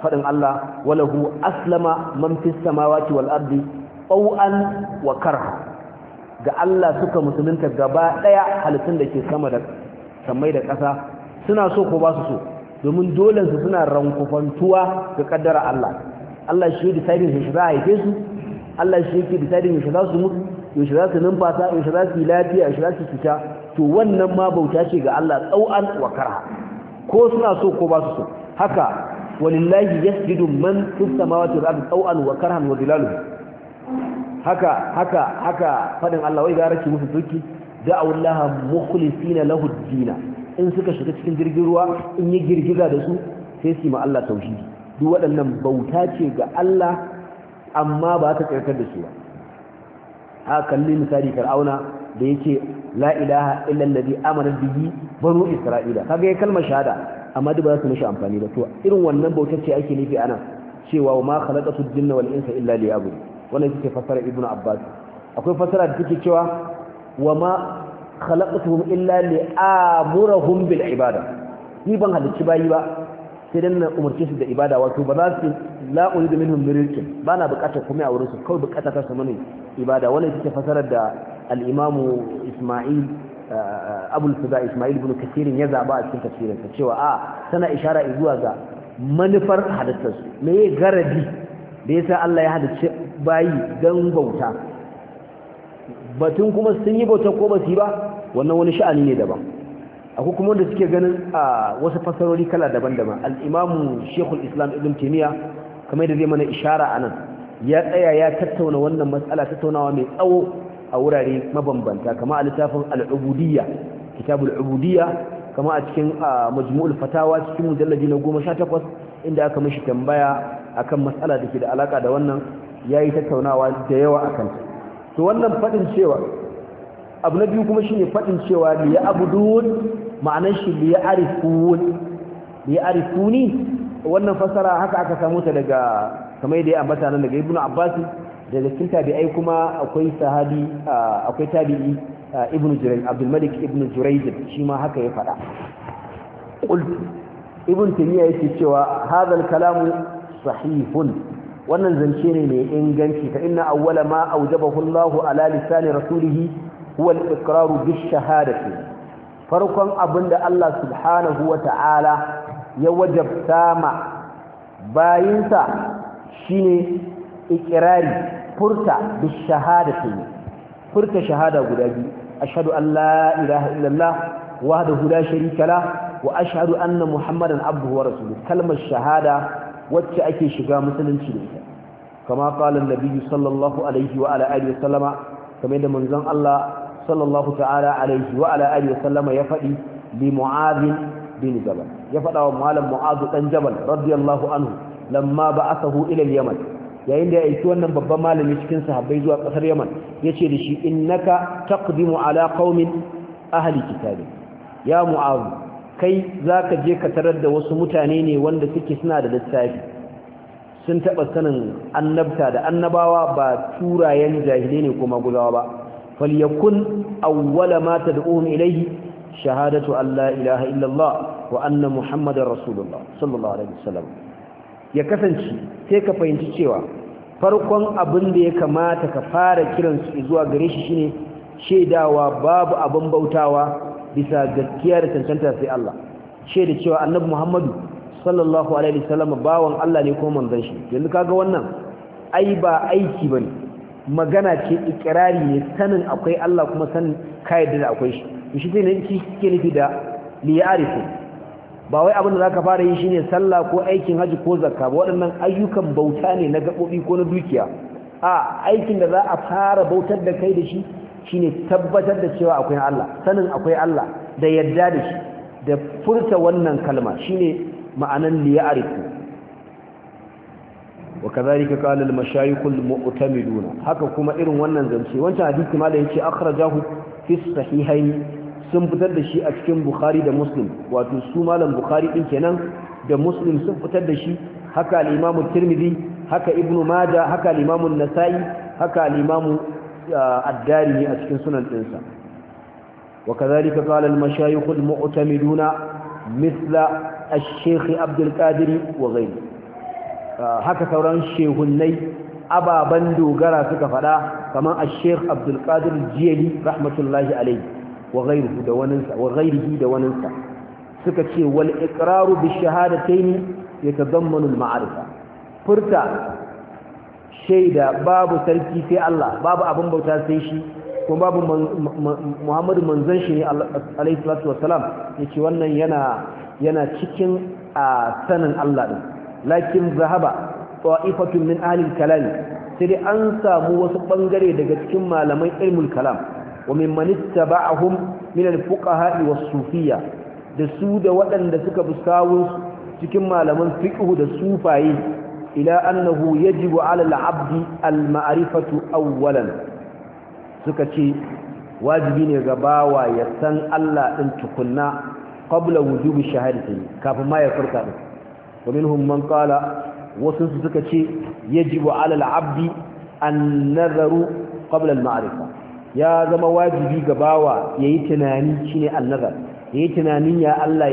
fadin Allah walahu aslama man fis samawati wal ardi qaw'an wa karha ga Allah suka musulunta gaba daya halittun da ke sama da samai da ƙasa suna so ko ba su so domin dole su suna rankufantuwa ga kaddara Allah Allah shi yake deciding yaushe za haife su Allah shi yake deciding yaushe za su mutu za su numfasa yaushe za su yi lafiya yaushe za su fita to wannan ma bauta ce ga Allah tsau'an wa karha ko suna so ko ba su so haka walillahi yasjudu man fis samawati wal tsau'an wa karhan wa haka haka haka fadin Allah wai ga rake musu duki da'awallaha mukhlisina lahu ad-din in suka shiga cikin jirgin ruwa in yi girgiza da su sai su ma Allah tauhidi duk waɗannan bauta ce ga Allah amma ba ta tsarkar da su ba a kalli misali fir'auna da yake la ilaha illa allazi amana bihi banu isra'ila kaga ya kalmar shahada amma duk ba za su mishi amfani ba to irin wannan bautar ce ake nufi anan cewa ma khalaqatu jinna wal insa illa liya'bud wannan yake fassara ibnu abbas akwai fassara da take cewa wama khalaqtuhum illa li'amurahum bil ibada ni ban halicci bayi ba sai dan na umarce su da ibada wato ba za su la uridu minhum mirkin ba na bukatar kuma a wurin su kawai bukatar ta samu ibada wannan take fasarar da al-imamu Isma'il eh, Abul Fida Isma'il ibn Kathir ya zaba a cikin tafsirinsa cewa a ah, tana ishara zuwa ga manufar hadathar su me ya garabi da yasa Allah ya hadace bayi dan bauta batun kuma sun yi bauta ko ba su yi ba wannan wani sha'ani ne daban akwai kuma wanda suke ganin a wasu fasarori kala daban-daban al'imamu shekul islam ibn taimiyya kamar da zai mana ishara a nan ya tsaya ya tattauna wannan matsala tattaunawa mai tsawo a wurare mabambanta kama a littafin al'ubudiyya kitabul ubudiyya kama a cikin majmu'ul fatawa cikin mujalladi na goma sha takwas inda aka mishi tambaya kan matsala da ke da alaƙa da wannan ya yi tattaunawa da yawa a kanta to wannan faɗin cewa abu na biyu kuma shine faɗin cewa da ya abu ma'anar shi li ya'rifun ni wannan fasara haka aka samu ta daga kamar da ya ambata nan daga Ibn abbas daga cikin tabi'ai kuma akwai sahabi akwai tabi'i ibnu jurayj abdul malik ibnu jurayj shi ma haka ya faɗa qultu ibn timiya yake cewa hadal kalamu sahihun wannan zance ne mai inganci fa inna awwala ma awjabahu Allah ala lisani rasulih huwa al-iqraru bi shahadati farkon abin da Allah subhanahu wa ta'ala ya wajabta ma bayinsa shine ikirari furta da shahada ne furta shahada guda biyu Ashadu an la ilaha illallah wahdahu la sharika la wa ashadu anna muhammadan abduhu wa rasuluhu kalmar shahada wacce ake shiga musulunci da ita kama falon an-nabi sallallahu alaihi wa ala wa kamar da manzon Allah sallallahu ta'ala alaihi wa ala alihi sallama ya fadi li mu'adh bin jabal ya faɗa wa malam mu'adh dan jabal radiyallahu anhu lamma ba'athahu ila al-yaman yayin da ya aiki wannan babban malami cikin sahabbai zuwa kasar yaman yace da shi innaka taqdimu ala qaumin ahli kitabi ya mu'adh kai zaka je ka tarar da wasu mutane ne wanda suke suna da littafi sun taba sanin annabta da annabawa ba turayen jahilai ne kuma gudawa ba falyakun awwala ma tad'uhum ilayhi shahadatu an la illallah wa anna muhammadar rasulullah sallallahu alaihi wasallam ya kasance sai ka fahimci cewa farkon abin da ya kamata ka fara kiransu zuwa gare shi shine shaidawa babu abin bautawa bisa gaskiya da cancanta sai Allah shaida cewa annabi Muhammadu sallallahu alaihi wasallam bawan Allah ne kuma manzon shi yanzu kaga wannan ai ba aiki bane magana ce ikirari ne sanin akwai Allah kuma sanin kayyade da akwai shi shi ne shi ke nufi da liyarifu ba wai abin da za ka fara yi shine sallah ko aikin haji ko zakka ba waɗannan ayyukan bauta ne na gaɓoɓi ko na dukiya a aikin da za a fara bautar da kai da shi shine tabbatar da cewa akwai Allah sanin akwai Allah da yadda da shi da furta wannan kalma shine ma'anan liyarifu wa kadhalika qala al-mashayikh al haka kuma irin wannan zance wancan hadisi malam yace akhrajahu fi sahihayn sun fitar da shi a cikin bukhari da muslim wato su malam bukhari din kenan da muslim sun fitar da shi haka al-imam tirmidhi haka ibnu majah haka al-imam an-nasa'i haka al-imam uh, ad-darimi a cikin sunan dinsa wa kadhalika qala al-mashayikh al-mu'tamiduna mithla الشيخ عبد wa وغيره Eh, haka sauran shehunnai ababen dogara suka fada kamar a sheikh abdul qadir jiyali rahmatullahi alayhi wa ghayrihi da waninsa suka ce wal ikraru bi shahadatayn yatadammanu al ma'arifa furta shaida babu sarki sai Allah babu abin bauta sai shi kuma babu Muhammadu manzon shi ne alayhi salatu wannan yana yana cikin a ah, sanin Allah din lakin zahaba ta'ifatun min ahlil kalam sai an samu wasu bangare daga cikin malaman ilmul kalam wa mimman ittaba'ahum min al-fuqaha was-sufiyya da su da waɗanda suka bi sawun cikin malaman fiqh da sufaye ila annahu yajibu 'ala al-'abdi al-ma'rifatu awwalan suka ce wajibi ne ga bawa ya san Allah din tukunna qabla wujubi shahadati kafin ma ya furta din wa minhum man qala suka ce yajibu ala al-abdi an nazaru qabla al ya zama wajibi ga bawa yayi tunani shine nazar yayi tunanin ya Allah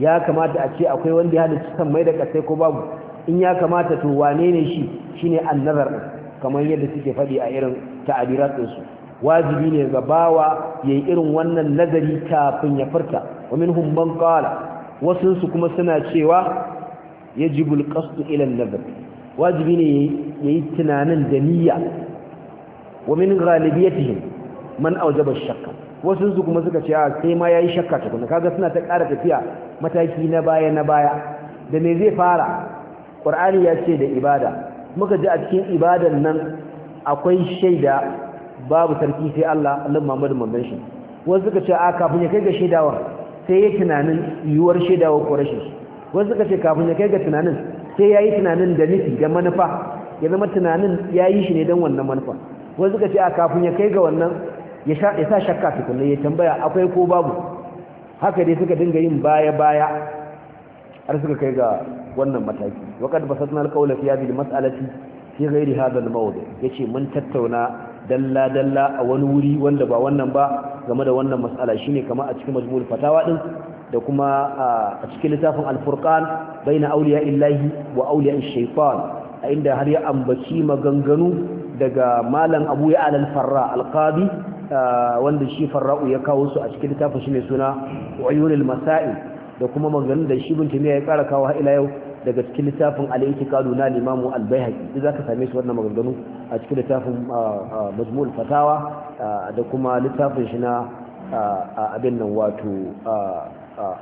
ya kamata a ce akwai wanda ya halicci san mai da kasai ko babu in ya kamata to wane ne shi shine annazar nazar kamar yadda suke faɗi a irin ta'abirat su wajibi ne ga bawa yayi irin wannan nazari kafin ya furta wa minhum man qala wasu su kuma suna cewa yaji alqasd ila an wajibi ne yayi tunanin da niyya wa min ghalibiyatihim man awjaba ash-shakka wasu kuma suka ce ah, sai ma yayi shakka tukuna kaga suna ta kara tafiya mataki na baya na baya da me zai fara ƙur'ani ya ce da ibada muka ji a cikin ibadan nan akwai shaida babu sarki sai Allah Allah Muhammadu manzon shi wasu suka ce a ah, kafin ya kai ga shaidawa sai ya tunanin yiwuwar shaidawar ko rashin wasu suka ce kafin ya kai ga tunanin sai ya yi tunanin da nufi da manufa ya zama tunanin ya yi shi ne don wannan manufa wasu suka ce a kafin ya kai ga wannan ya sa shakka tukunna ya tambaya akwai ko babu haka dai suka dinga yin baya-baya har suka kai ga wannan mataki waƙad basatun alƙawla fi yabi da mas'alati fi ghairi hadha al ya yace mun tattauna dalla dalla a wani wuri wanda ba wannan ba game da wannan mas'ala shine kamar a cikin majmu'ul fatawa din da kuma a cikin littafin alfurkan bai na auliya illahi wa auliya shaifan a inda har ya ambaci maganganu daga malam abu ya alal farra alkabi wanda shi farra'u ya kawo su a cikin littafin shi mai suna wayunil masa'i da kuma maganganu da shi bin ya kara kawo har ila yau daga cikin littafin al'itikadu na limamu albayhaqi za ka same su wannan maganganu a cikin littafin majmu'ul fatawa da kuma littafin shi na abin nan wato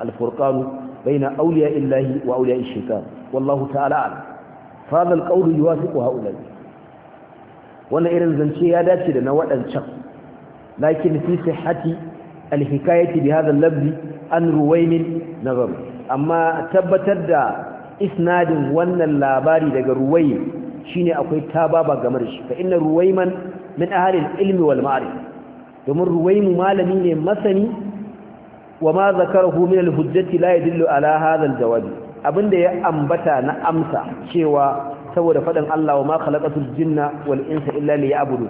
الفرقان بين أولياء الله وأولياء الشيطان والله تعالى أعلم فهذا القول يوافق هؤلاء وأن إيران زنشي داتي لنا وأنشق لكن في صحة الحكاية بهذا اللفظ عن رويم نظر أما تبتد إسناد وأن اللاباري لغا رويم shine akwai tababa game da shi fa inna ruwayman min ahli al-ilm wal ma'rif domin ruwaymu malami ne masani Wama ma zakarahu min al-hujjati la ala abinda ya ambata na amsa cewa saboda fadan Allah wa ma khalaqatul jinna wal insa illa liya'budun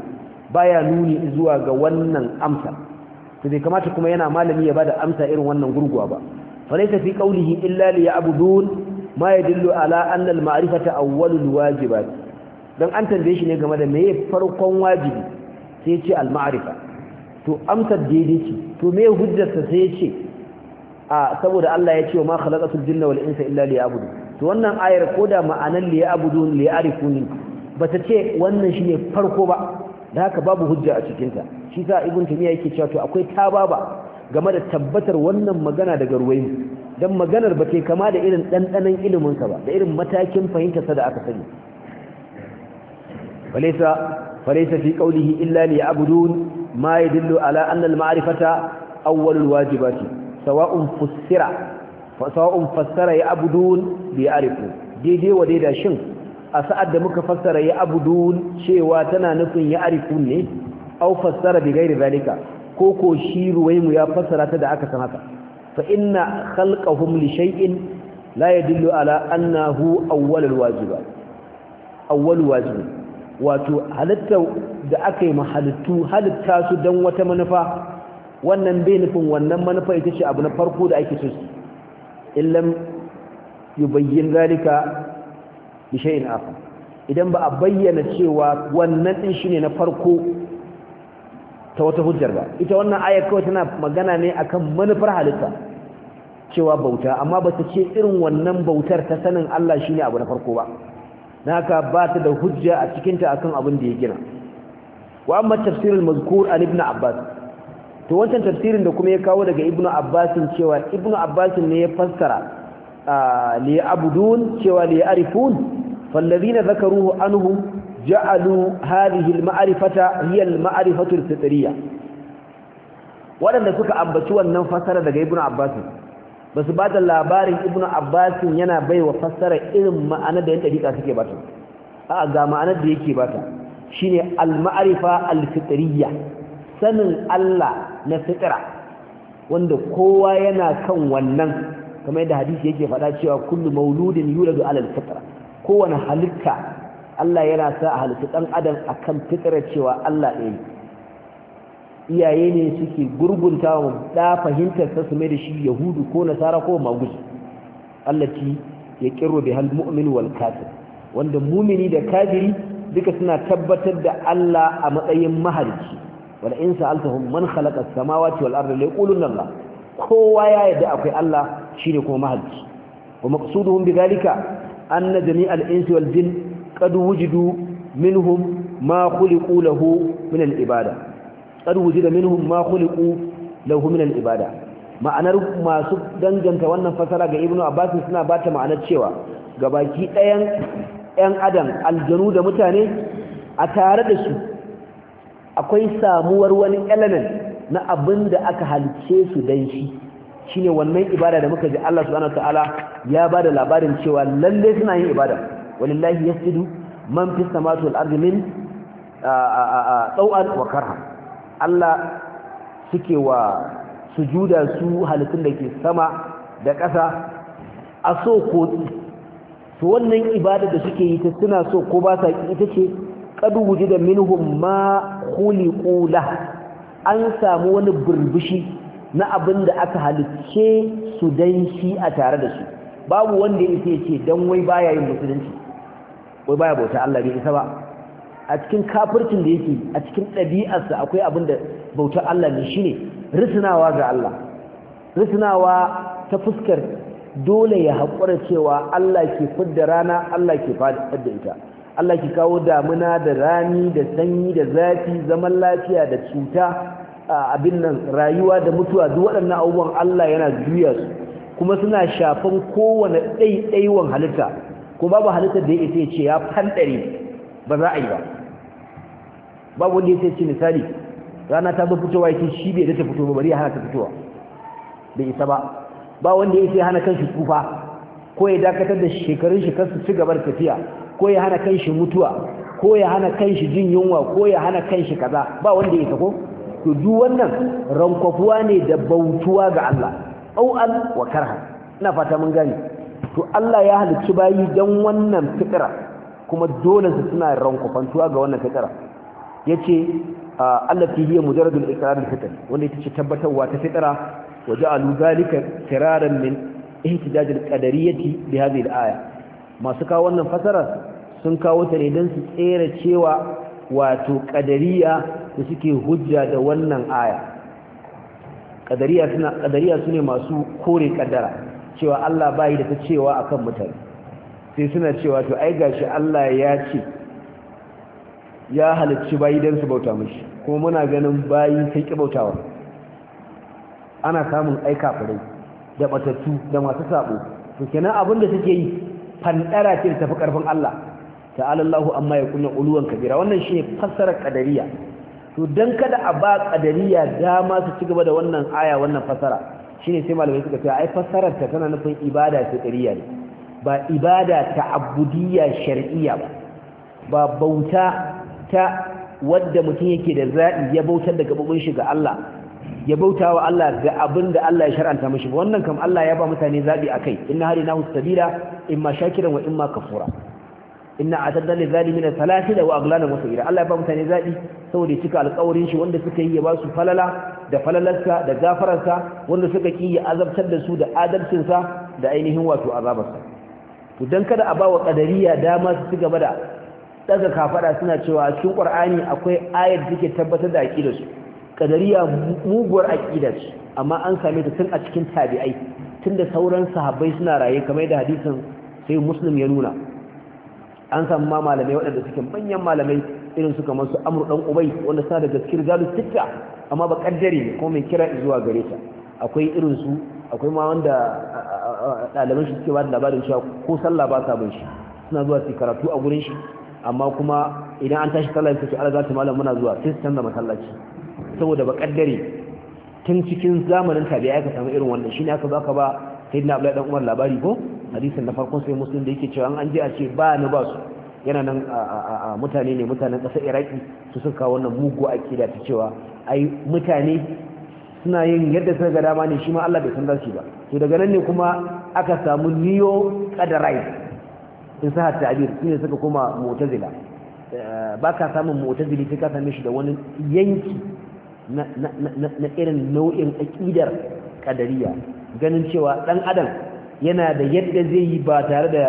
baya nuni zuwa ga wannan amsa to bai kamata kuma yana malami ya bada amsa irin wannan gurguwa ba falaysa fi qawlihi illa liya'budun ma yadullu ala anna al-ma'rifata awwalul wajibat dan an tambaye shi ne game da meye farkon wajibi sai ya ce al-ma'rifa to amsar daidai ce to me hujjarsa sai yace a saboda Allah ya ce wa ma khalaqatul jinna wal insa illa liya'budu to wannan ayar koda ma'anan liya'budu liya'rifuni bata ce wannan shine farko ba da haka babu hujja a cikin ta shi sa ibn tumiya yake cewa to akwai tababa game da tabbatar wannan magana daga ruwayi dan maganar ba ta kama da irin dandanan ilimin sa ba da irin matakin fahimtar sa da aka sani walaysa فليس في قوله إلا ليعبدون ما يدل على أن المعرفة أول الواجبات سواء فسر سواء فسر يعبدون بيعرفون دي دي ودي دا شن أسعد دمك فسر يعبدون شيء واتنا نفن يعرفون أو فسر بغير ذلك كوكو شير ويم يا فسر تدعك سنك فإن خلقهم لشيء لا يدل على أنه أول الواجبات أول واجب wato halitta da aka yi mahalittu halitta su don wata manufa wannan bai nufin wannan manufa ita ce abu na farko da ake sosu illan yi bayyan zalika bishayin afa idan ba a bayyana cewa wannan ɗin shi ne na farko ta wata hujjar ba ita wannan ayar kawai tana magana ne akan manufar halitta cewa bauta amma ba ta ce irin wannan bautar ta sanin Allah shi ne abu na farko ba naka ba ta da hujja a cikinta akan abin da ya gina wa amma tafsirin mazkur an ibn abbas to wancan tafsirin da kuma ya kawo daga ibn abbas cewa ibn abbas ne ya fassara li abudun cewa li arifun fallazina zakaruhu anhum ja'alu hadhihi al-ma'rifata hiya al-ma'rifatu al-fitriyya wadanda suka ambaci wannan fassara daga ibn abbas Basu su ba da labarin ibnu abbasin yana baiwa wa fassara irin ma'anar da yan ɗariƙa suke bata a ga ma'anar da yake bata shine al-ma'arifa al fitriya sanin Allah na fitra wanda kowa yana kan wannan kamar da hadisi yake faɗa cewa kullu mauludin yuladu alal fitra kowane halitta Allah yana sa a halitta dan adam akan fitra cewa Allah ɗaya iyaye ne suke gurgunta wa da fahimtar ta su mai da shi yahudu ko nasara ko Allah allati ya kirro bi hal mu'min wal kafir wanda mumini da kafiri duka suna tabbatar da Allah a matsayin maharici wala in sa'altahum man khalaqa as-samawati wal arda yaquluna Allah kowa ya yarda akwai Allah shine kuma maharici wa maqsuduhum bi dhalika anna jami'al insi wal jin qad wujidu minhum ma khuliqu lahu min al ibada qad wujida minhum ma khuliqu lahu min al-ibada ma'anar masu danganta wannan fasara ga ibnu abbas suna bata ma'anar cewa gabaki ɗayan ƴan adam aljanu da mutane a tare da su akwai samuwar wani element na abin da aka halice su dan shi shine wannan ibada da muka ji Allah subhanahu wataala ya bada labarin cewa lalle suna yin ibada walillahi yasjudu man fis samawati wal ardi min taw'an wa Allah suke wa sujuda su halittun da ke sama da ƙasa a so ko Su wannan ibada da suke yi ta suna so ko ba sa ita ce qad da minhum ma khuliqu an samu wani burbushi na abin da aka halicce su dan shi a tare da su babu wanda ya ce don wai baya yin musulunci wai baya bauta Allah ne isa ba a cikin kafircin da yake a cikin ɗabi'arsa akwai abin da bautar Allah ne Shi ne, risunawa ga Allah Risinawa ta fuskar dole ya haƙura cewa Allah ke fidda rana Allah ke da ita Allah ke kawo damuna da rani da sanyi da zafi zaman lafiya da cuta a abin nan rayuwa da mutuwa duk waɗannan abubuwan Allah yana juya su kuma suna shafan kowane ɗaiɗaiwan halitta kuma babu halitta da ya ce ya fanɗare ba za a yi ba babu wanda ya ce misali rana ta zo fitowa yake shi bai da ta fito ba bari ya hana ta fitowa bai isa ba ba wanda ya sai hana kanshi tsufa ko ya dakatar da shekarun shi kansu ci gaba da tafiya ko ya hana kanshi mutuwa ko ya hana kanshi jin yunwa ko ya hana kanshi kaza ba wanda ya ko to duk wannan rankwafuwa ne da bautuwa ga Allah an wa karha ina fata mun gani to Allah ya halicci bayi dan wannan fikira kuma dole su suna rankwafantuwa ga wannan fitara yace allati hiya mujarradul iqrar al fitr wanda ce tabbatarwa ta fitara waja'alu zalika firaran min ihtijaj al qadariyyati bi hadhihi al aya masu kawo wannan fasara sun kawo ta ne dan su tsere cewa wato qadariya da suke hujja da wannan aya qadariya suna qadariya sune masu kore ƙadara. cewa Allah bai da ta cewa akan mutane sai suna cewa to ai gashi Allah ya ce ya halicci bayi don su bauta mashi kuma muna ganin bayi sai ki bautawa ana samun aika fure da batattu da masu sabo to kenan abin da suke yi fandara ce tafi karfin Allah ta Allahu amma ya kunna uluwan kabira wannan shine fassarar qadariya to dan kada a ba qadariya dama su ci gaba da wannan aya wannan fassara shine sai malamai suka ce ai fassarar ta tana nufin ibada ta qadariya ne ba ibada ta abudiyya shar'iyya ba ba bauta ta wadda mutum yake da zaɓi ya bautar da gababin shi ga Allah ya bauta wa Allah ga abin da Allah ya shar'anta mashi wannan kam Allah ya ba mutane zaɓi a kai inna hari na sabila ma shakiran wa ma kafura inna atadda lil zalimin da wa aglalan wa sa'ira Allah ya ba mutane zaɓi saboda cika alƙawarin shi wanda suka yi ya ba su falala da falalarsa da gafararsa wanda suka ki ya azabtar da su da adalcinsa da ainihin wato azabarsa don kada a bawa wa ƙadariya dama su ci gaba da daga kafaɗa suna cewa cikin ƙwar'ani akwai tabbatar da take tabbatar da aƙidarsu ƙadariya muguwar aƙidarsu amma an same ta tun a cikin tabi'ai Tunda da sauran sahabbai suna raye kamar da hadisin sai muslim ya nuna an samu ma malamai waɗanda suke manyan malamai irin su kamar su amur ɗan ubai wanda suna da gaskiyar galu tikka amma ba ƙaddare ne kuma mai kira zuwa gare ta akwai irin su akwai ma wanda ɗaliban shi suke ba da labarin cewa ko sallah ba sa bin shi suna zuwa su karatu a gurin shi amma kuma idan an tashi sallah ce ala zata malam muna zuwa sai su canza masallaci saboda ba kaddare tun cikin zamanin tabi'a ka samu irin wannan shine aka baka ba na Abdullahi dan Umar labari ko hadisin na farkon sai muslim da yake cewa an je a ce ba ni ba su yana nan mutane ne mutanen ƙasar iraki su suka wannan mugu akida ta cewa ai mutane suna yin yadda suka ga dama ne shi ma Allah bai san zasu ba to daga nan ne kuma aka samu niyo kadarai in sa ta'bir shine suka koma mu'tazila eh, ka samun mu'tazili sai ka same shi da wani yanki na na irin nau'in aqidar kadariya ganin cewa dan adam yana da yadda zai yi ba tare da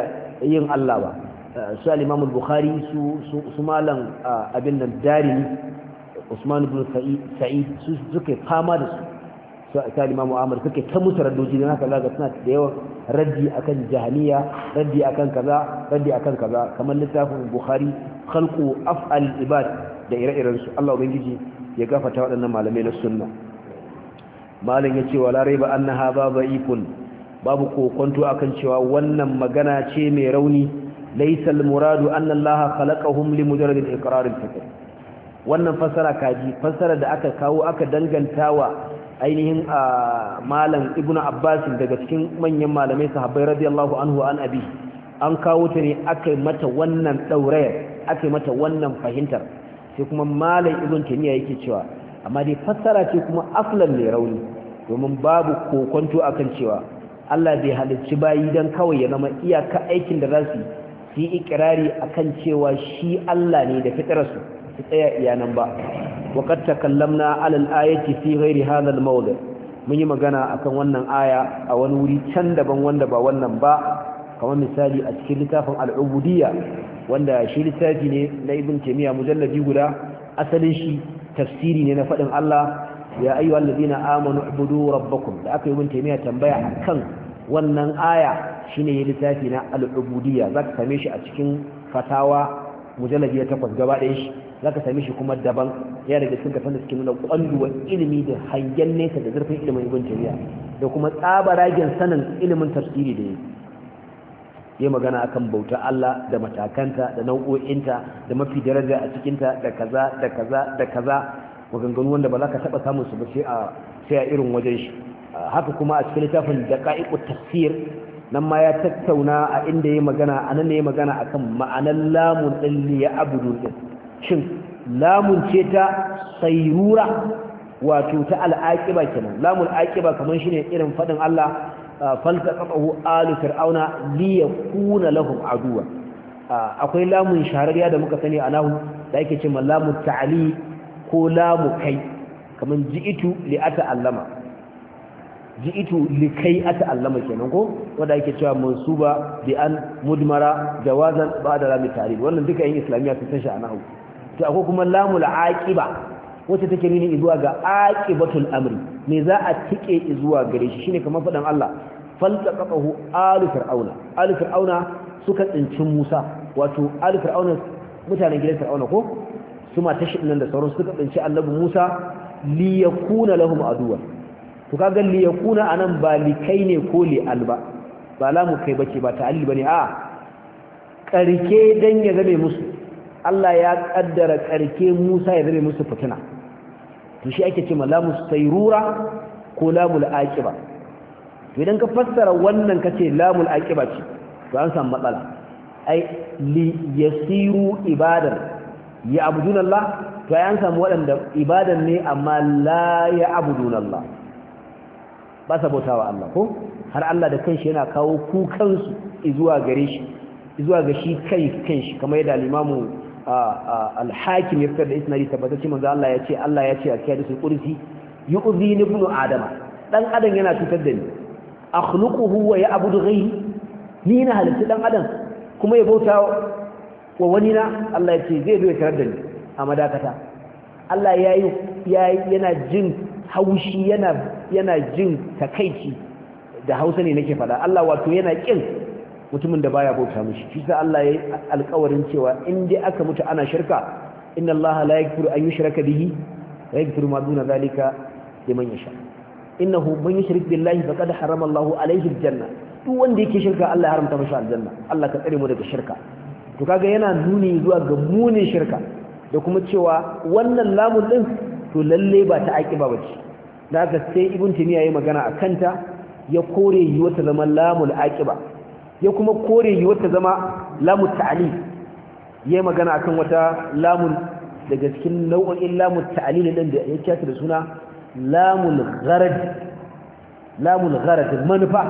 yin Allah ba eh, su al-Imam al-Bukhari su su malam ah, abin nan darimi usman ibn sa'id su suka fama da su su ta limamu amur suka ta musu raddoji dan haka zaga suna da yawan raddi akan jahaniya raddi akan kaza raddi akan kaza kamar littafin bukhari khalqu af'al ibad da ire-iren su Allah ubangiji ya gafata waɗannan malamai na sunna malam yace wala raiba annaha babaikun babu kokonto akan cewa wannan magana ce mai rauni laysal muradu anna Allah khalaqahum li mujarrad al-iqrar al-fikr wannan fassara kaji fassara da aka kawo aka dangantawa ainihin malam ibnu abbas daga cikin manyan malamai sahabbai radiyallahu anhu an abi an kawo ta ne aka mata wannan daurayar aka mata wannan fahimtar sai kuma malam ibn tamiya yake cewa amma dai fassara ce kuma aflan ne rauni domin babu kokonto akan cewa Allah bai halicci bayi dan kawai ya zama iyaka aikin da za su yi ikirari akan cewa shi Allah ne da fitararsu ta tsaya iyanan ba waqad na takallamna ala al-ayati fi ghairi hadha al-mawdi mun yi magana akan wannan aya a wani wuri can daban wanda ba wannan ba kamar misali a cikin litafin al-ubudiyya wanda shi littafi ne na ibn taymiya mujalladi guda asalin shi tafsiri ne na fadin Allah ya ayyuha alladhina amanu ibudu rabbakum da aka yi ibn taymiya tambaya akan wannan aya shine littafi na al-ubudiyya zaka same shi a cikin fatawa mujalladi ya takwas gaba ɗaya shi za ka same shi kuma daban ya daga cikin kafin da suke nuna kwanduwa ilimi da hangen nesa da zurfin ilimin ibn taymiya da kuma tsabaragen sanin ilimin tafsiri da yake magana akan bauta Allah da matakanta da nau'o'inta da mafi daraja a cikinta da kaza da kaza da kaza maganganu wanda ba za ka taɓa samun su ba sai a sai a irin wajen shi haka kuma a cikin littafin da ka'iku tafsir nan ma ya tattauna a inda ya magana a nan ne ya magana akan ma'anan lamun ɗin ya abudu cin lamun ce ta sayura wato ta al'aqiba kenan lamul aqiba kaman shine irin fadin Allah ah, faltaqahu alu fir'auna yakuna lahum aduwa ah, akwai lamun shahararriya da muka sani anahu da yake cewa lamun ta'ali ko lamu kai kaman ji'itu li ata'allama ji'itu li kai ata'allama kenan ko wanda yake cewa mansuba bi an mudmara jawazan ba'da lamu ta'ali wannan duka yin islamiya sun san shi anahu to akwai kuma lamul aqiba wacce take nuni zuwa ga aqibatul amri me za a tike zuwa gare shi shine kamar fadan Allah falqaqahu alu fir'auna alu fir'auna suka tsinci Musa wato alu fir'auna mutanen gidan fir'auna ko su mata shi nan da sauran suka tsinci annabi Musa li yakuna lahum aduwa to kaga li yakuna anan ba likai ne ko li alba ba lamu kai bace ba ta'alli bane a karke dan ya zame musu Allah ya kaddara karke Musa ya zame musu fitina to shi ake cewa lamu mustayrura ko mul aqiba to idan ka fassara wannan kace mul aqiba ce to an samu matsala ai li yasiru ibadan ya abudun Allah to ai an samu wadanda ibadan ne amma la ya abudun Allah ba sa bautawa Allah ko har Allah da kanshi yana kawo kukansu zuwa gare shi zuwa ga shi kai kanshi kamar yadda al imam Alhakim ya fitar da isnadi tabbatacce manzo Allah ya ce Allah ya ce a kiyar su kursi yu'zi bunu adama dan adam yana cutar da ni akhluquhu wa ya'budu ghayri ni na halitta dan adam kuma ya bauta wa wani na Allah ya ce zai zo ya tarar da ni a madakata Allah ya yi yana jin haushi yana yana jin takaici da Hausa ne nake faɗa Allah wato yana kin mutumin da baya bauta mishi shi sa Allah yayi alƙawarin cewa in dai aka mutu ana shirka inna Allah la yaghfiru an yushraka bihi wa yaghfiru ma duna zalika liman yasha innahu man yushrik billahi faqad harama Allah alayhi aljanna duk wanda yake shirka Allah ya haramta masa aljanna Allah ka tsare mu daga shirka to kaga yana nuni zuwa ga munin shirka da kuma cewa wannan lamun din to lalle ba ta aqiba bace da haka sai ibn timiya yayi magana a kanta ya kore yi wata zaman lamul aqiba ya kuma kore yiwuwar ta zama lamun ta'ali ya yi magana akan wata lamun daga cikin nau'o'in lamun ta'ali ta'alil ɗan da ya kyata da suna lamun gharar lamun manufa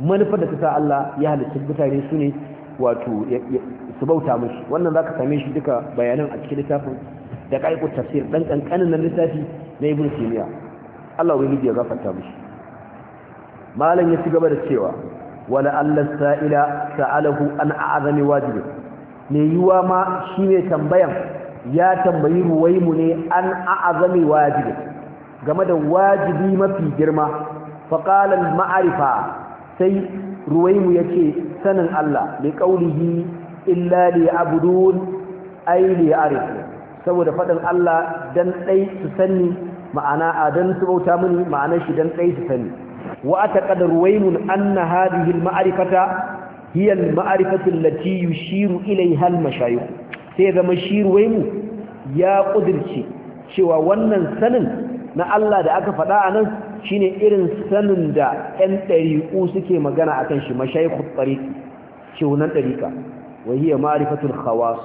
manufa da ta sa Allah ya halittar mutane su ne wato su bauta mashi wannan za ka same shi duka bayanan a cikin littafin da kaiku tafsir ɗan ƙanƙanin nan littafi na ibnu simiya Allah wani ya gafarta mashi malam ya ci gaba da cewa wala Allah sa'ila sa'alahu an a'azami wajibi ne yiwa ma shi ne tambayan ya tambayi ruwaimu ne an a'azami wajibi game da wajibi mafi girma faƙalan ma'arifa sai ruwaimu ya ce sanin Allah mai ƙaunihi illa li abudun ai li arifu saboda faɗin Allah dan ɗai su sani ma'ana a don su bauta mini ma'anar shi dan ɗai su sani waimun رويم أن هذه المعرفة هي المعرفة التي يشير إليها المشايخ سيذا مشير ويم يا قدرتي cewa wannan sanin na Allah da aka faɗa a nan shine irin sanin da 'yan ɗariƙu suke magana a kan shi mashayikun ɗariƙi shehunan ɗariƙa wahiyar ma'arifatul khawas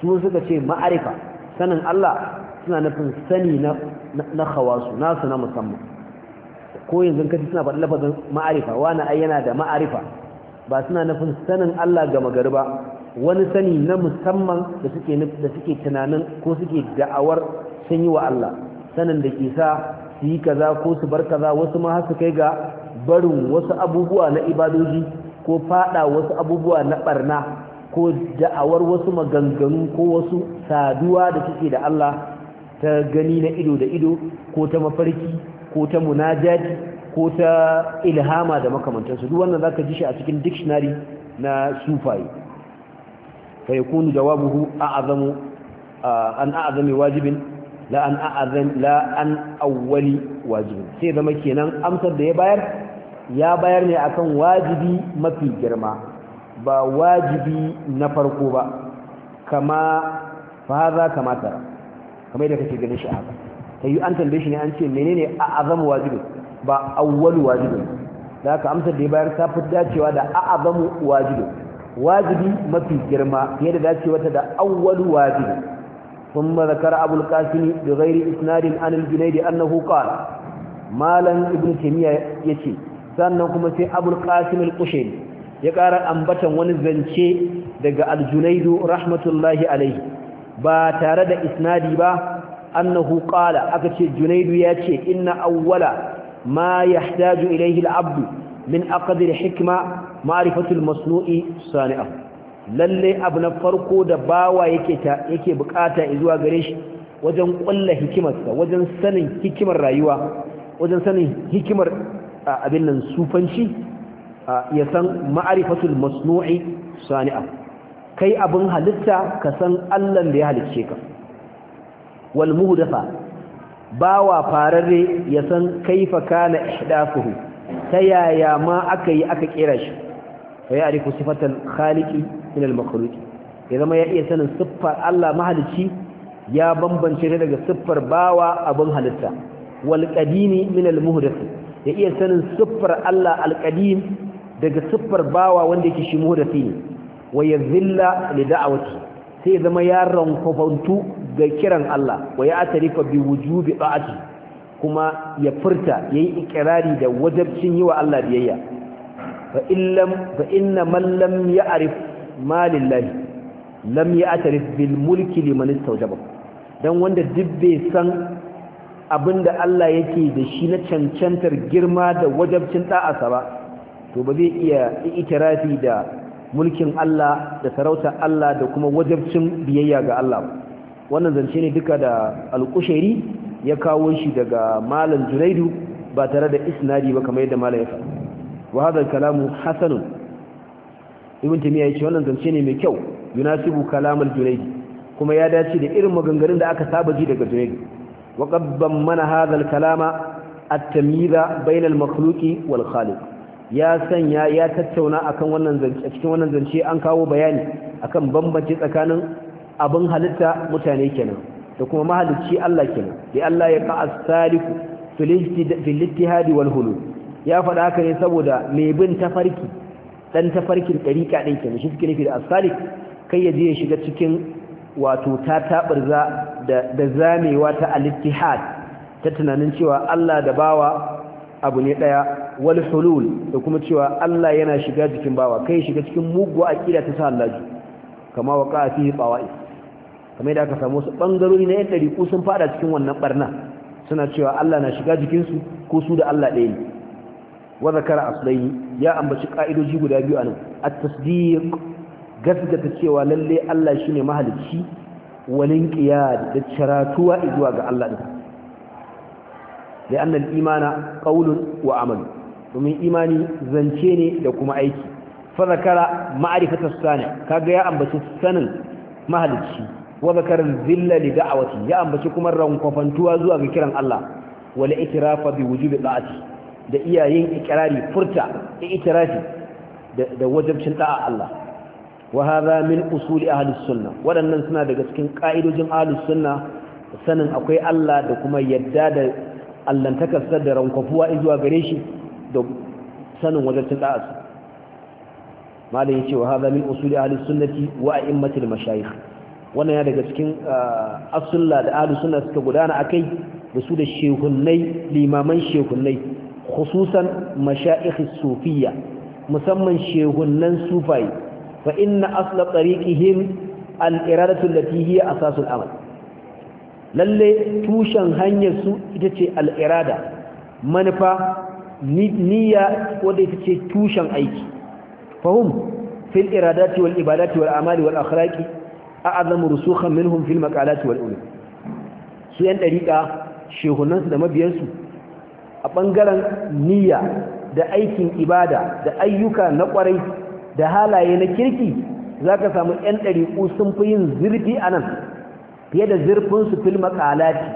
su suka ce ma'arifa sanin Allah suna nufin sani na khawasu nasu na musamman ko yanzu kace suna faɗin lafazin ma'arifa wani ai yana da ma'arifa ba suna nufin sanin Allah ga magari ba wani sani na musamman da suke da suke tunanin ko suke da'awar sun yi wa Allah sanin da ke sa su yi kaza ko su bar kaza wasu ma su kai ga barin wasu abubuwa na ibadoji ko faɗa wasu abubuwa na barna ko da'awar wasu maganganu ko wasu saduwa da suke da Allah ta gani na ido da ido ko ta mafarki ko ta munajat ko ta ilhama da makamantansu duk wannan zaka ji shi a cikin dictionary na sufaye fa yakunu jawabuhu a'zamu an a'zami wajibin la an a'zam la an awwali wajibin sai zama kenan amsar da ya bayar ya bayar ne akan wajibi mafi girma ba wajibi na farko ba kama fa haza kama kamar da kake ganin shi haka kayi an tambaye shi ne an ce menene a'azamu wajibi ba awwalu wajibi da ka amsa da bayar ta fi dacewa da a'azamu wajibin wajibi mafi girma fiye da dacewa da awwalu wajibi ثم ذكر da القاسم بغير اسناد عن الجنيد انه قال مالا ابن تيميه يتي sannan kuma sai abul qasim al-qushayri ya kara ambatan wani zance daga al-junaydu rahmatullahi alayhi ba tare da isnadi ba annahu qala aka ce junaidu ya ce inna awwala ma yahtaju ilayhi al-abdu min aqdi al-hikma ma'rifatu al-masnu'i sani'a lalle abu na farko da bawa yake ta yake bukata zuwa gare shi wajen kulla hikimarsa wajen sanin hikimar rayuwa wajen sanin hikimar abin nan sufanci ya san masnu'i sani'a kai abin halitta ka san Allah da ya halicce ka wal muhdatha bawa fararre ya san kaifa kana ihdathuhu ta yaya ma aka yi aka ƙera shi fa ya arifu sifatal khaliqi min al makhluqi ya zama ya iya sanin siffar Allah mahalici ya bambance ne daga siffar bawa abin halitta wal qadimi min al muhdath ya iya sanin siffar Allah al qadim daga siffar bawa wanda yake shi muhdathi ne wa yadhilla li da'awati sai zama ya rankwafantu ga kiran Allah wa ya atarifa bi wujubi ta'ati kuma ya furta yayi ikrari da wajabcin yi wa Allah biyayya fa illam fa inna man lam ya'rif ma lillahi lam ya'tarif bil mulki liman istawjaba dan wanda dibbe san abinda Allah yake da shi na cancantar girma da wajabcin da'asa ba to ba zai iya ikrari da mulkin Allah da sarauta Allah da kuma wajabcin biyayya ga Allah ba wannan zance ne duka da alƙushari ya kawo shi daga malam junaidu ba tare da isnadi ba kamar yadda malam ya faɗa wa hadha kalamu hasanun ibn timiya yace wannan zance ne mai kyau yunasibu kalam al kuma ya dace da irin maganganun da aka saba ji daga junaidi wa qabban mana hadal kalama at-tamyiza bainal al-makhluqi wal khaliq ya sanya ya tattauna akan wannan zance cikin wannan zance an kawo bayani akan bambanci tsakanin abin halitta mutane kenan da kuma mahalicci Allah kenan da Allah ya ka'a saliku fil ittihadi wal ya faɗa haka ne saboda mai bin tafarki dan tafarkin dariƙa din kenan shi suke nufi da asalik kai ya je ya shiga cikin wato ta tabirza da zamewa ta al-ittihad ta tunanin cewa Allah da bawa abu ne daya wal hulul da kuma cewa Allah yana shiga cikin bawa kai shiga cikin mugu aqida ta sa sallaji kama waqa fihi bawa'is kamar yadda aka samu wasu bangarori na yan riku sun fada cikin wannan barna suna cewa Allah na shiga jikinsu ko su da Allah ɗaya ne wa zakara aslaini ya ambaci ka'idoji guda biyu nan. a tasdiq gaskata cewa lalle Allah shine mahalicci walin qiyad da charatuwa zuwa ga Allah din da annal imana qaulun wa amal domin imani zance ne da kuma aiki fa zakara ma'rifatus sani kaga ya ambaci sanin mahalicci wa zakar zilla li da'awati ya ambaci kuma rankwafantuwa zuwa ga kiran Allah wal itirafa bi wujubi da'ati da iyayen ikrari furta da itirafi da wajibcin da'a Allah wa hadha min usuli ahli sunna wadannan suna daga cikin ka'idojin ahli sunna sanin akwai Allah da kuma yadda da allah allantakarsa da rankwafuwa zuwa gare shi da sanin wajibcin da'a malai yace wa hadha min usuli ahli sunnati wa a'immatil mashayikh wannan ya daga cikin ah, asulla da ahlus suna suka gudana kai da su da shehunnai limaman shehunnai khususan mashayikh sufiyya musamman shehunnan sufai fa inna asla tariqihim al-iradatu allati hiya asasul amal lalle tushen hanyar su ita ce al-irada manufa niyya wadda ita ce tushen aiki fahum fil iradati wal ibadati wal amali wal akhlaqi a'azam rusukhan minhum fil maqalati wal ulum su yan dariqa shehunansu da mabiyansu a bangaren niyya da aikin ibada da ayyuka na kwarai da halaye na kirki zaka samu yan dariqu sun fi yin zirfi anan fiye da zurfin su fil maqalati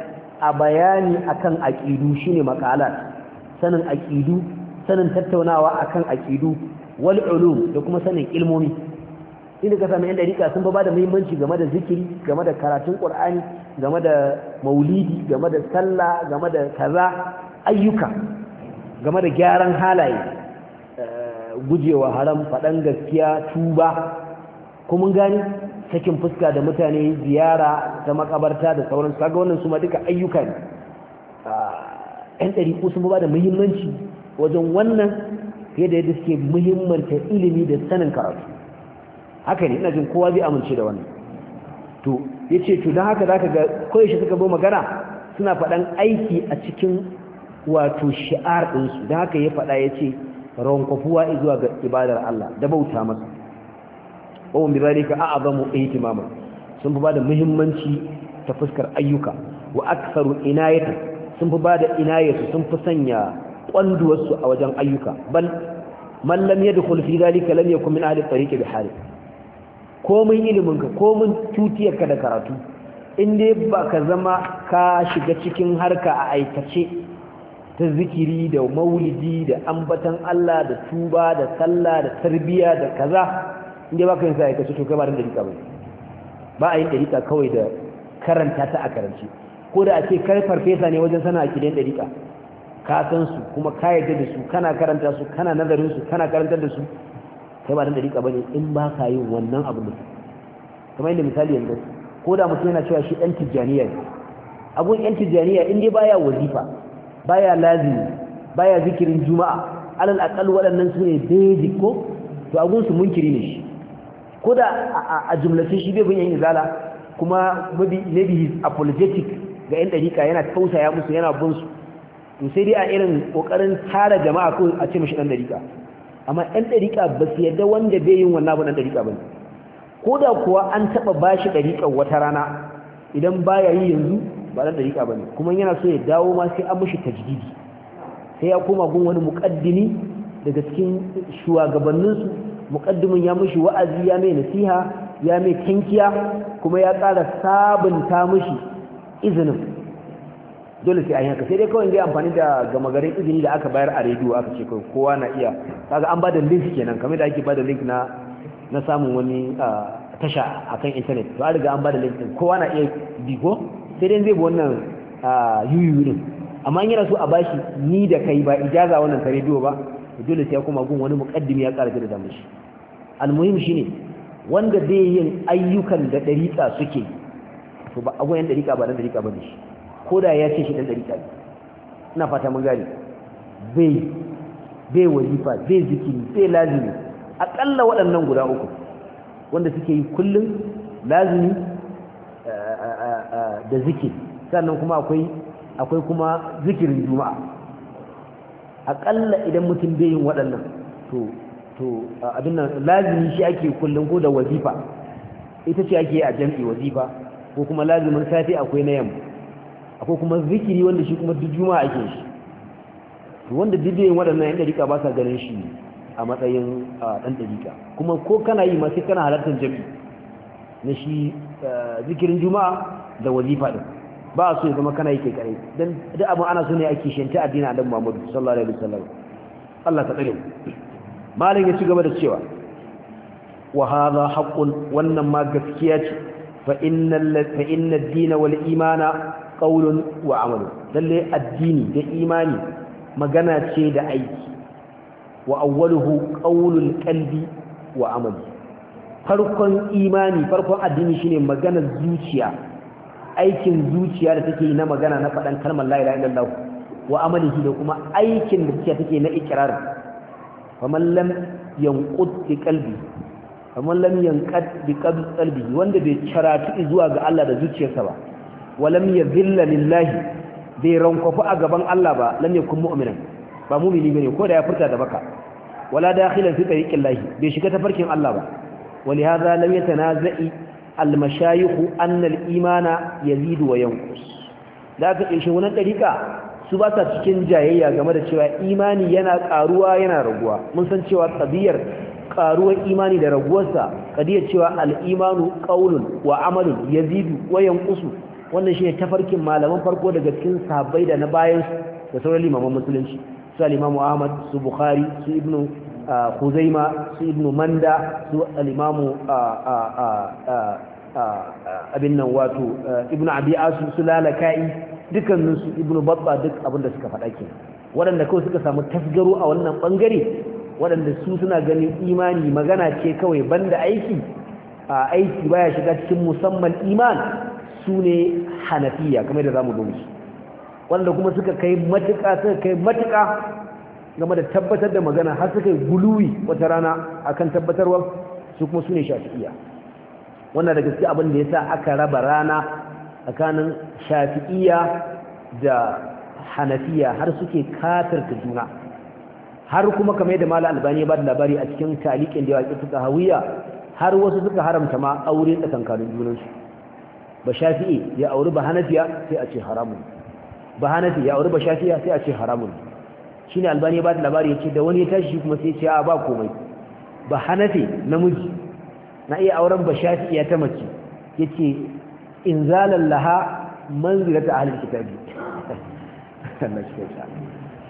a bayani akan aqidu shine maqalat sanin aqidu sanin tattaunawa akan aqidu wal ulum da kuma sanin ilmomi inda ka sami yan dariƙa sun ba da muhimmanci game da zikiri game da karatun ƙur'ani game da maulidi game da sallah game da kaza ayyuka game da gyaran halaye eh, gujewa haram faɗan gaskiya tuba kuma gani sakin fuska da mutane ziyara da makabarta da sauran kaga su ma duka ayyuka ne eh, yan ko sun ba da muhimmanci wajen wannan fiye da yadda suke muhimmanta ilimi da sanin karatu haka ne ina jin kowa zai amince da wannan to yace to dan haka zaka ga koyaushe suka bo magana suna faɗan aiki a cikin wato shi'ar ɗinsu dan haka ya faɗa ya ce kofuwa zuwa ga ibadar Allah da bauta masa oh bibari ka a'a ihtimama sun fi ba muhimmanci ta fuskar ayyuka wa aksaru inayata sun fi ba inayatu sun fi sanya ƙwanduwarsu a wajen ayyuka bal man lam yadkhul fi zalika lam yakun min ahli tariqi bi komin iliminka komin tutiyarka da karatu inda ba ka zama ka shiga cikin harka a aikace ta zikiri da maulidi da ambatan Allah da tuba da sallah da tarbiya da kaza inda ba ka yin aikace to kai ba da dika ba ba a yin dika kawai da karanta ta a karance ko da a ce kai farfesa ne wajen sana da dika ka san su kuma ka yarda da su kana karanta su kana nazarin su kana karantar da su kai ba dan dariƙa bane in ba ka yin wannan abu ne. kamar yadda misali yanzu ko da mutum yana cewa shi ɗan tijjaniya ne abun ɗan tijjaniya in dai baya wazifa baya lazimi baya zikirin juma'a alal aqal waɗannan su ne basic ko to abun su munkiri ne shi ko da a jumlace shi bai bin yan izala kuma maybe maybe his apologetic ga yan dariƙa yana tausaya musu yana bin su to sai dai a irin kokarin tara jama'a ko a ce mishi ɗan dariƙa amma ɗan ɗariƙa ba su yadda wanda bai yin wannan abin ɗan ɗariƙa ba ne ko da kuwa an taɓa ba shi ɗariƙar wata rana idan ba ya yi yanzu ba ɗan ɗariƙa ba ne kuma yana so ya dawo ma sai an mushi tajdidi sai ya koma gun wani muƙaddini daga cikin shugabanninsu muƙaddimin ya mushi wa'azi ya mai nasiha ya mai tankiya kuma ya ƙara sabunta mushi izinin dole sai a haka sai dai kawai ga amfani da gama garin izini da aka bayar a rediyo aka ce kawai kowa na iya kaga an bada link kenan kamar da ake bada link na na samun wani tasha akan internet to an riga an bada link kowa na iya bi sai dai zai bi wannan yuyu din amma yana so a bashi ni da kai ba ijaza wannan ta rediyo ba dole sai kuma gun wani muqaddimi ya ƙara da mishi almuhim shine wanda zai yin ayyukan da dariƙa suke to ba agoyan dariƙa ba dan dariƙa ba ne shi ko da ya ce shi ɗan ɗariƙa ne ina fata mun gane bai bai wajifa bai zikiri bai lazimi aƙalla waɗannan guda uku wanda suke yi kullum lazimi eh, eh, eh, da zikiri sannan kuma akwai akwai kuma zikirin juma'a aƙalla idan mutum bai yin waɗannan to to abin nan lazimi shi ake kullum ko da wazifa ita ce ake a jam'i wazifa ko kuma lazimin safi akwai na yamma akwai kuma zikiri wanda shi kuma duk juma'a ake shi wanda dibiyin waɗannan yan dariƙa ba sa ganin shi a matsayin ɗan dariƙa kuma ko kana yi ma sai kana halartar jami'i na shi zikirin juma'a da wazifa din ba so ya zama kana yi kai kare dan duk abin ana so ne ake shanta addini a dan Muhammadu sallallahu alaihi wasallam Allah ta tsare malam ya ci gaba da cewa wa hadha haqqun wannan ma gaskiya ce fa innal fa innad din wal imana Ƙaulun wa amalu lalle addini da imani magana ce da aiki wa awwaluhu qaulul qalbi wa amalu farkon imani farkon addini shine magana zuciya aikin zuciya da take na magana na faɗan kalmar la ilaha illallah wa amalihi da kuma aikin da zuciya take na ikrar faman lam yanqut bi qalbi faman lam yanqat bi qalbi wanda bai karatu zuwa ga Allah da zuciyarsa ba walam yadhilla lillahi bai rankwafu a gaban Allah ba lam yakun mu'minan ba mu'mini bane ko da ya furta da baka wala dakhilan fi tariqillahi bai shiga tafarkin Allah ba ولهذا yazidu wa المشايخ Da الإيمان يزيد وينقص ذاك يشون su سباسة cikin jayayya game da cewa imani yana karuwa yana raguwa mun san cewa qadiyar karuwar imani da raguwarsa qadiyar cewa al-imanu qawlun wa amalun yazidu wa yanqusu wannan shi ne tafarkin malaman farko daga cikin sahabbai da na bayan da sauran limaman musulunci su al Ahmad su Bukhari su Ibn Khuzaima su Ibn Manda su al abin nan wato Ibn Abi Asim su Lalaka'i dukkanin su Ibn Babba duk abin da suka faɗa ke. waɗanda kawai suka samu tasgaro a wannan bangare waɗanda su suna ganin imani magana ce kawai banda aiki a aiki baya shiga cikin musamman iman su ne hanafiya kamar da za mu domin wanda kuma suka kai matuƙa suka kai matuka game da tabbatar da magana har suka yi guluwi wata rana akan tabbatarwa su kuma su ne shafi'iya wannan da gaske abin da ya sa aka raba rana tsakanin shafi'iya da hanafiya har suke katarta juna har kuma kamar yadda mala albani ba da labari a cikin talikin da ya ƙi suka hawiya har wasu suka haramta ma aure tsakankanin junansu ba shafi'i ya auri ba hanafiya sai a ce haramun ba hanafi ya auri ba shafi'i sai a ce haramun shine albani ya ba da labari yace da wani ya tashi kuma sai ya ce a ba komai ba hanafi namiji na iya auren ba ya ta mace yace inzalan laha manzilata ahlul kitabi Allah shi ta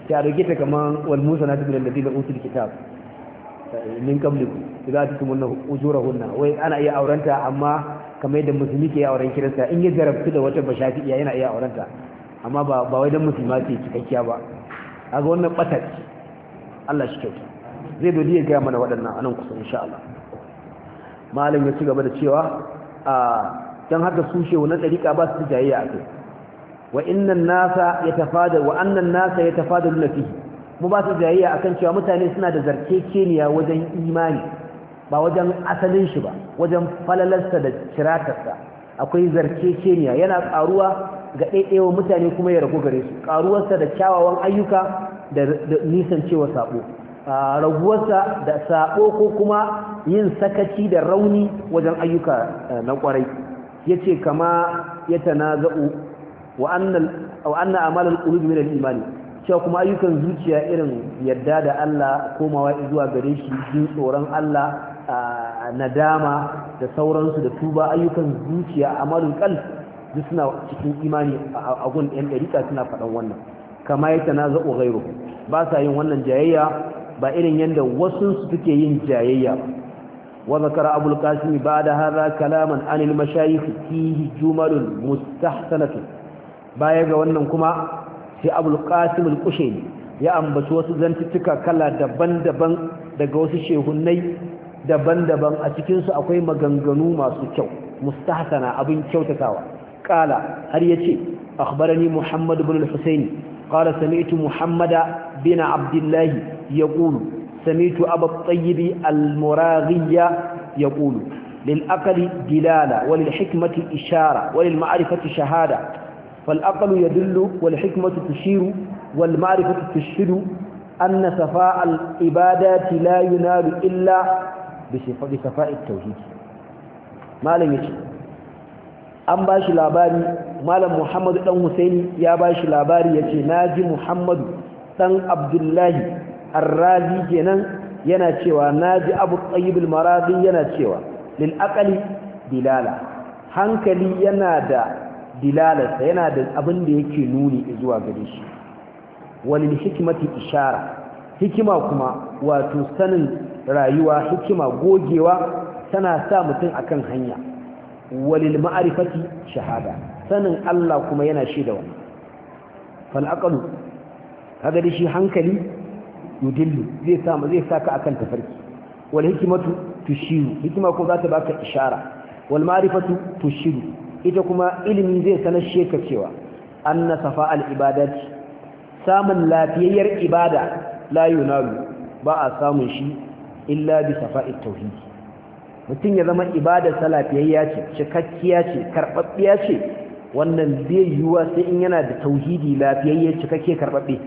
ta rike ta kaman wal musanatu bil ladina utul kitab min qabliku idza atumunna ujurahunna wai ana iya aurenta amma kamar yadda musulmi ke auren kirista in ya jarabtu da wata bashafiya yana iya aurenta amma ba ba wai dan musulma ce cikakkiya ba kaga wannan batar Allah shi kyauta zai dodi ya ga mana waɗannan anan kusa insha Allah malam ya ci gaba da cewa a dan haka su shehu na dariƙa ba su jayayya a kai wa innan nasa yatafada wa annan nasa yatafadaluna fihi mu ba su jayayya akan cewa mutane suna da zarkekeniya wajen imani ba wajen asalin shi ba wajen falalarsa da kiratarsa akwai zarkekeniya yana karuwa ga ɗaiɗaiwa mutane kuma ya ragu gare su karuwarsa da kyawawan ayyuka da nisan cewa sabo raguwarsa da sabo ko kuma yin sakaci da rauni wajen ayyuka eh, na kwarai yace kama ya tana wa anna wa anna amalul qulubi min al-imani cewa kuma ayyukan zuciya irin yadda da Allah komawa zuwa gare shi jin tsoron Allah nadama da sauransu da tuba ayyukan zuciya malin kal duk suna cikin imani a gun ɗan ɗarika suna faɗan wannan kama ya tana zaɓo gairu ba sa yin wannan jayayya ba irin yadda wasu suke yin jayayya wa zakara abul da da hadha kalaman anil mashayikh fihi jumalun mustahsanatu baya ga wannan kuma sai abul qasim al-kushairi ya ambaci wasu zantuttuka kala daban-daban daga wasu shehunnai daban-daban a cikin su akwai maganganu masu kyau mustahsana abin kyautatawa Ƙala, har ya ce. akhbarani muhammad ibn al-husaini qala sami'tu muhammada bin abdullahi yaqulu sami'tu abu at-tayyib al-muraghiya yaqulu hikmati ishara wa lil وللمعرفة shahada. فالأقل يدل والحكمة تشير والمعرفة تشهد أن صفاء العبادات لا ينال إلا بصفاء التوحيد ما لم يشهد an bashi labari malam muhammadu ɗan husaini ya bashi labari ya ce na ji muhammadu dan abdullahi arrazi kenan yana cewa na ji abu tsayibul marazi yana cewa lil'akali dilala hankali yana da dilalarsa yana da abin da yake nuni zuwa gare shi walil hikimati ishara hikima kuma wato sanin rayuwa hikima gogewa tana sa mutum akan hanya walil ma'arifati shahada sanin Allah kuma yana shaida wannan fal aqlu kaga da shi hankali yudillu zai sa zai saka akan tafarki wal hikimatu tushiru hikima ko za ta baka ishara wal ma'rifatu tushiru ita kuma ilimi zai sanar shi ka cewa anna safa al-ibadati samun lafiyayyar ibada la yunalu ba a samun shi illa bi safa'i tauhid mutum ya zama ibadarsa sa lafiyayya ce cikakkiya ce karbabbiya ce wannan zai yiwuwa sai in yana da tauhidi lafiyayye cikakke karbabbe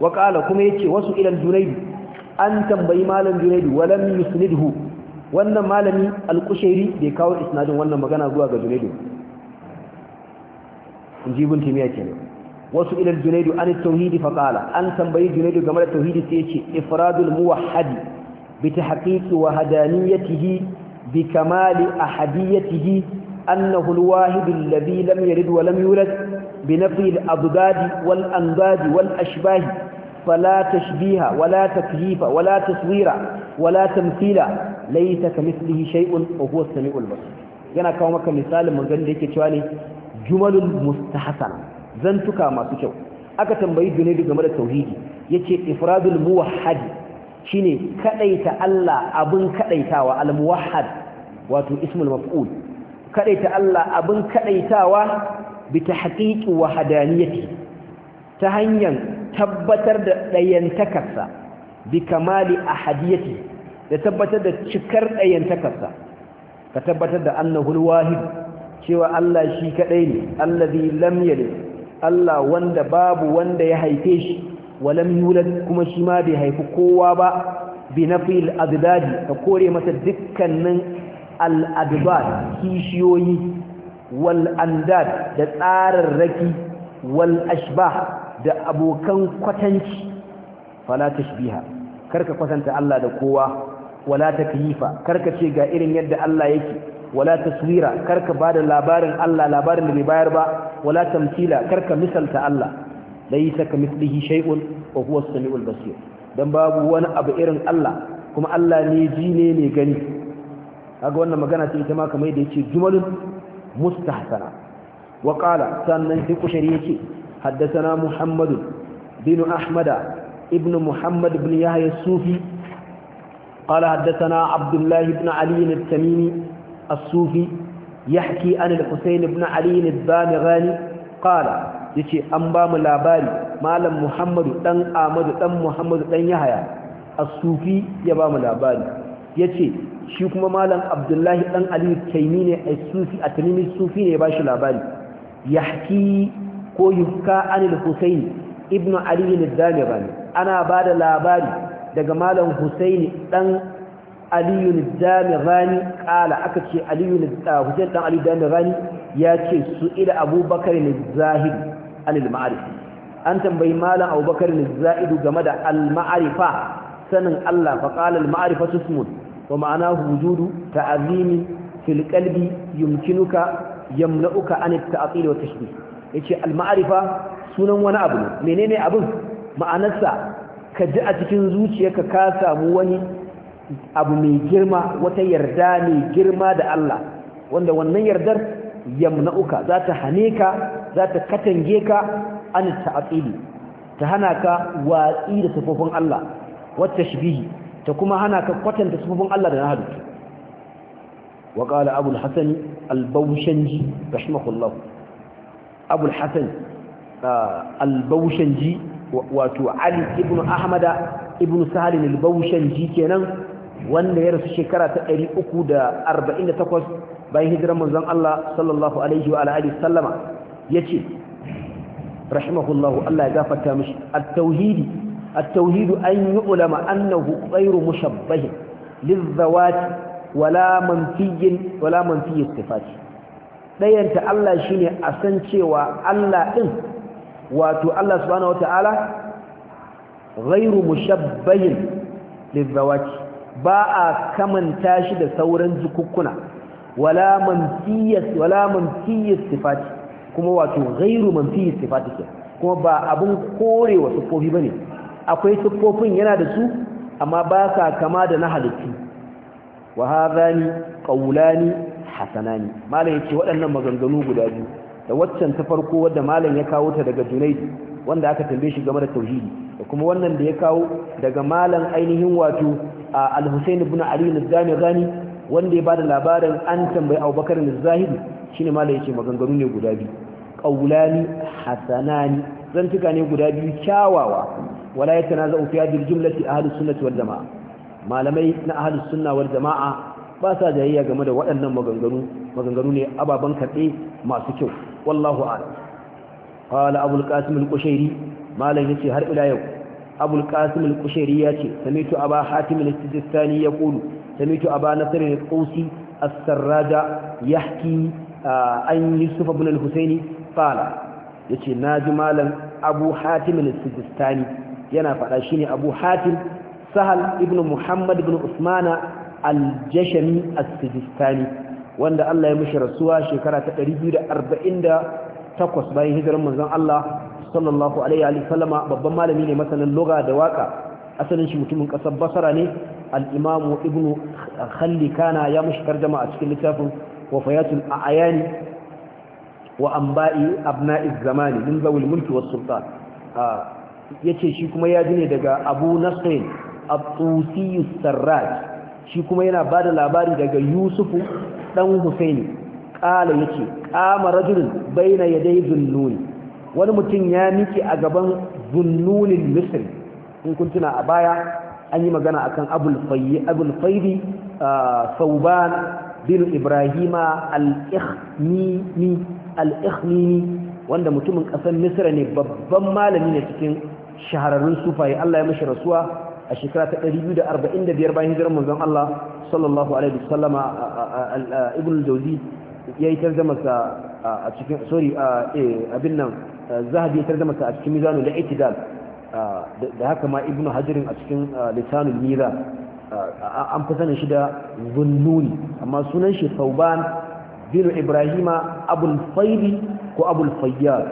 wa kuma kuma yace wasu ilal junaydi an tambayi malam junaydi walam yusnidhu wannan malami alkushairi bai kawo isnadin wannan magana zuwa ga junaidu wasu ila junaidu an tauhidi fa an tambayi junaidu game da tauhidi sai yace ifradul muwahhid bi tahqiqi wa hadaniyatihi bi kamali ahadiyatihi annahu alwahid alladhi lam yalid wa lam yulad bi nafi al-adad wal andad wal ashbahi fala tashbiha wala takyifa wala taswira wala tamthila laysa kamithlihi shay'un wa huwa as-sami'ul basir yana kawo maka misalin magan da yake cewa ne jumalul mustahsana zantuka masu kyau aka tambayi junaidu game da tauhidi yace ifradul muwahhid shine kadaita Allah abun kadaitawa al-muwahhid wato ismul maf'ul kadaita Allah abun kadaitawa bi tahqiqi wahdaniyati ta hanyar tabbatar da dayantakarsa bi kamali ahadiyati da tabbatar da cikar ɗayantakarsa ka tabbatar da annahu alwahid cewa Allah shi kadai ne allazi lam yalid Allah wanda babu wanda ya haife shi wa lam yulad kuma shi ma bai haifi kowa ba bi nafil adad ka kore masa dukkanin al adad kishiyoyi wal andad da tsararraki wal ashbah da abokan kwatanci fala tashbiha karka kwatanta Allah da kowa wala takyifa karka ce ga irin yadda Allah yake wala taswira karka bada labarin Allah labarin da bai bayar ba wala tamthila karka misalta Allah laysa kamithlihi shay'un wa huwa as-sami'ul basir dan babu wani abu irin Allah kuma Allah ne ji ne ne gani kaga wannan magana ce ita ma kamar yadda yake jumalun mustahsana wa qala sannan sai kushari yake حدثنا محمد بن أحمد ابن محمد بن يحيى الصوفي قال حدثنا عبد الله بن علي التميمي الصوفي يحكي عن الحسين بن علي البامغاني قال yace an bamu mu labari malam Muhammadu dan Ahmadu dan Muhammadu dan Yahaya as-Sufi ya yace shi kuma malam Abdullahi dan Ali ne sufi a Tanimi Sufi ne ya ba shi ya yahki ko yuhka anil Husayn ibn Ali al-Damigani ana ba da labari daga malam husaini dan aliyu rani kala aka ce aliyu ah, husain dan aliyu ya ce su ila abubakar zahid anil an tambayi malam abubakar zahidu game da alma'arifa sanin Allah fa ma'arifa su marifatu wa ma'ana hududu ta fil qalbi yumkinuka yamna'uka an at wa tashbih yace al sunan wani abu ne menene abun ma'anarsa ka ji a cikin zuciyarka ka samu wani abu mai girma wata yarda mai girma da Allah wanda wannan yardar yamna'uka za ta hane ka za ta katange ka an ta'atili ta hana ka watsi da sufofin Allah wata shibihi ta kuma hana ka kwatanta sufofin Allah da na hadu wa qala abul hasan abul hasan ah, wato ali ibn ahmada ibn salim al-bawshan ji kenan wanda ya rasu shekara ta 348 bayan hijirar manzon Allah sallallahu alaihi wa alihi sallama yace rahimahullahu Allah ya gafarta mishi at-tauhidi at-tauhidu an yu'lama annahu ghayru mushabbah lizawati wala manfiyin wala manfiy istifati dayanta Allah shine a san cewa Allah din wato Allah subhanahu wata'ala ghairu mushabbahin lizawaki ba a kamanta shi da sauran zukukkuna wala manfiyas wala manfiyas sifati kuma wato ghairu manfiyas sifati ke kuma ba abun kore wa sufofi bane akwai sufofin yana da su amma ba sa kama da na halittu wa hadani qawlani hasanani malai yace waɗannan maganganu guda biyu da waccan ta farko wadda malam ya kawo ta daga junaidi wanda aka tambaye shi game da tauhidi da kuma wannan da ya kawo daga malam ainihin wato al-husayn ibn ali al-zamizani wanda ya bada labarin an tambayi abubakar al-zahiri shine malam yake maganganu ne guda biyu qawlani hasanani zantuka ne guda biyu kyawawa wala yatanaza'u fi hadhihi al-jumlati ahlus sunnati wal jamaa malamai na ahlus sunna wal jamaa ba sa jayayya game da waɗannan maganganu maganganu ne ababan karɓe masu kyau wallahu a'lam qala abul qasim al-qushairi malam yace har ila yau abul qasim al-qushairi yace samitu aba hatim al-sijistani yaqulu samitu aba nasr al-qusi as-sarraja yahki an yusuf ibn al-husaini qala yace naji malam abu hatim al-sijistani yana fada shine abu hatim sahal ibn muhammad ibn usmana al-jashami as-sijistani wanda Allah ya mishi rasuwa shekara ta 248 bayan hijiran manzon Allah sallallahu alaihi wa sallama babban malami ne masanin lugha da waka asalin shi mutumin kasar Basra ne al-Imam Ibn Khalli kana ya mishi tarjuma a cikin littafin Wafayatul A'yani wa Anba'i Abna'iz Zamani min Zawul Mulki was Sultan yace shi kuma ya ji ne daga Abu Nasr al-Tusi Sarraj shi kuma yana bada labari daga Yusufu dan Husaini kala yace kama rajulun baina yaday zununi. wani mutum ya miki a gaban zunnunin misri in kun tuna a baya an yi magana akan abul fayyi abul faydi sauban bin ibrahima al-ikhmini al-ikhmini wanda mutumin kasar misra ne babban malami ne cikin shahararrun sufaye Allah ya mashi rasuwa a shekara ta 245 bayan hijirar manzon Allah sallallahu alaihi wasallam ibn al-jawzi yayi tarjuma sa a cikin sorry eh, abin nan zahabi ya tarjuma sa a cikin mizanul i'tidal da haka ma ibn hajarin a cikin lisanul mira an fi sanin shi da zunnuni amma sunan shi sauban bin ibrahima abul faidi ko abul fayyar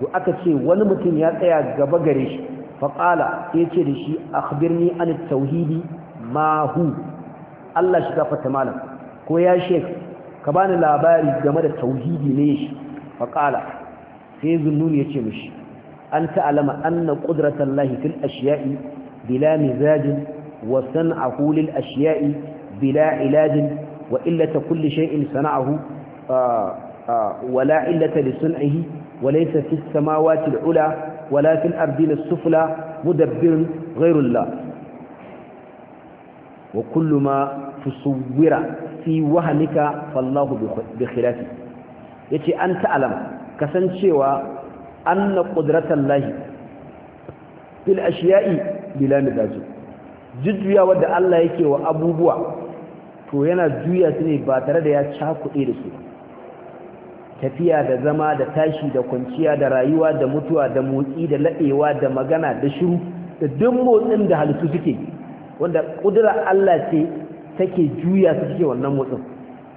to aka ce wani mutum ya tsaya gaba gare shi faƙala ya ce da shi akhbirni an tauhidi ma Allah shi gafarta malam ko ya shek ka bani labari game da tauhidi ne shi faƙala sai zunnun ya ce mishi an ta'alama anna qudratan lahi fil ashiya'i bila mizajin wa a lil ashiya'i bila ilajin wa illata kulli shai'in sana'ahu wala illata li sun'ihi wa laysa fis samawati al-ula wala fil ardina sufla mudabbirun ghayrullah wa kullu ma tusawwira fi wahamika fallahu bi khilafi yace an ta'lam kasancewa anna qudratallahi fil ashiya'i bila midaji jujjuya wanda Allah yake wa abubuwa to yana juya su ne ba tare da ya cakuɗe da su tafiya da zama da tashi da kwanciya da rayuwa da mutuwa da motsi da laɗewa da magana da shiru da duk motsin da halittu suke wanda ƙudura Allah ce take juya su suke wannan motsin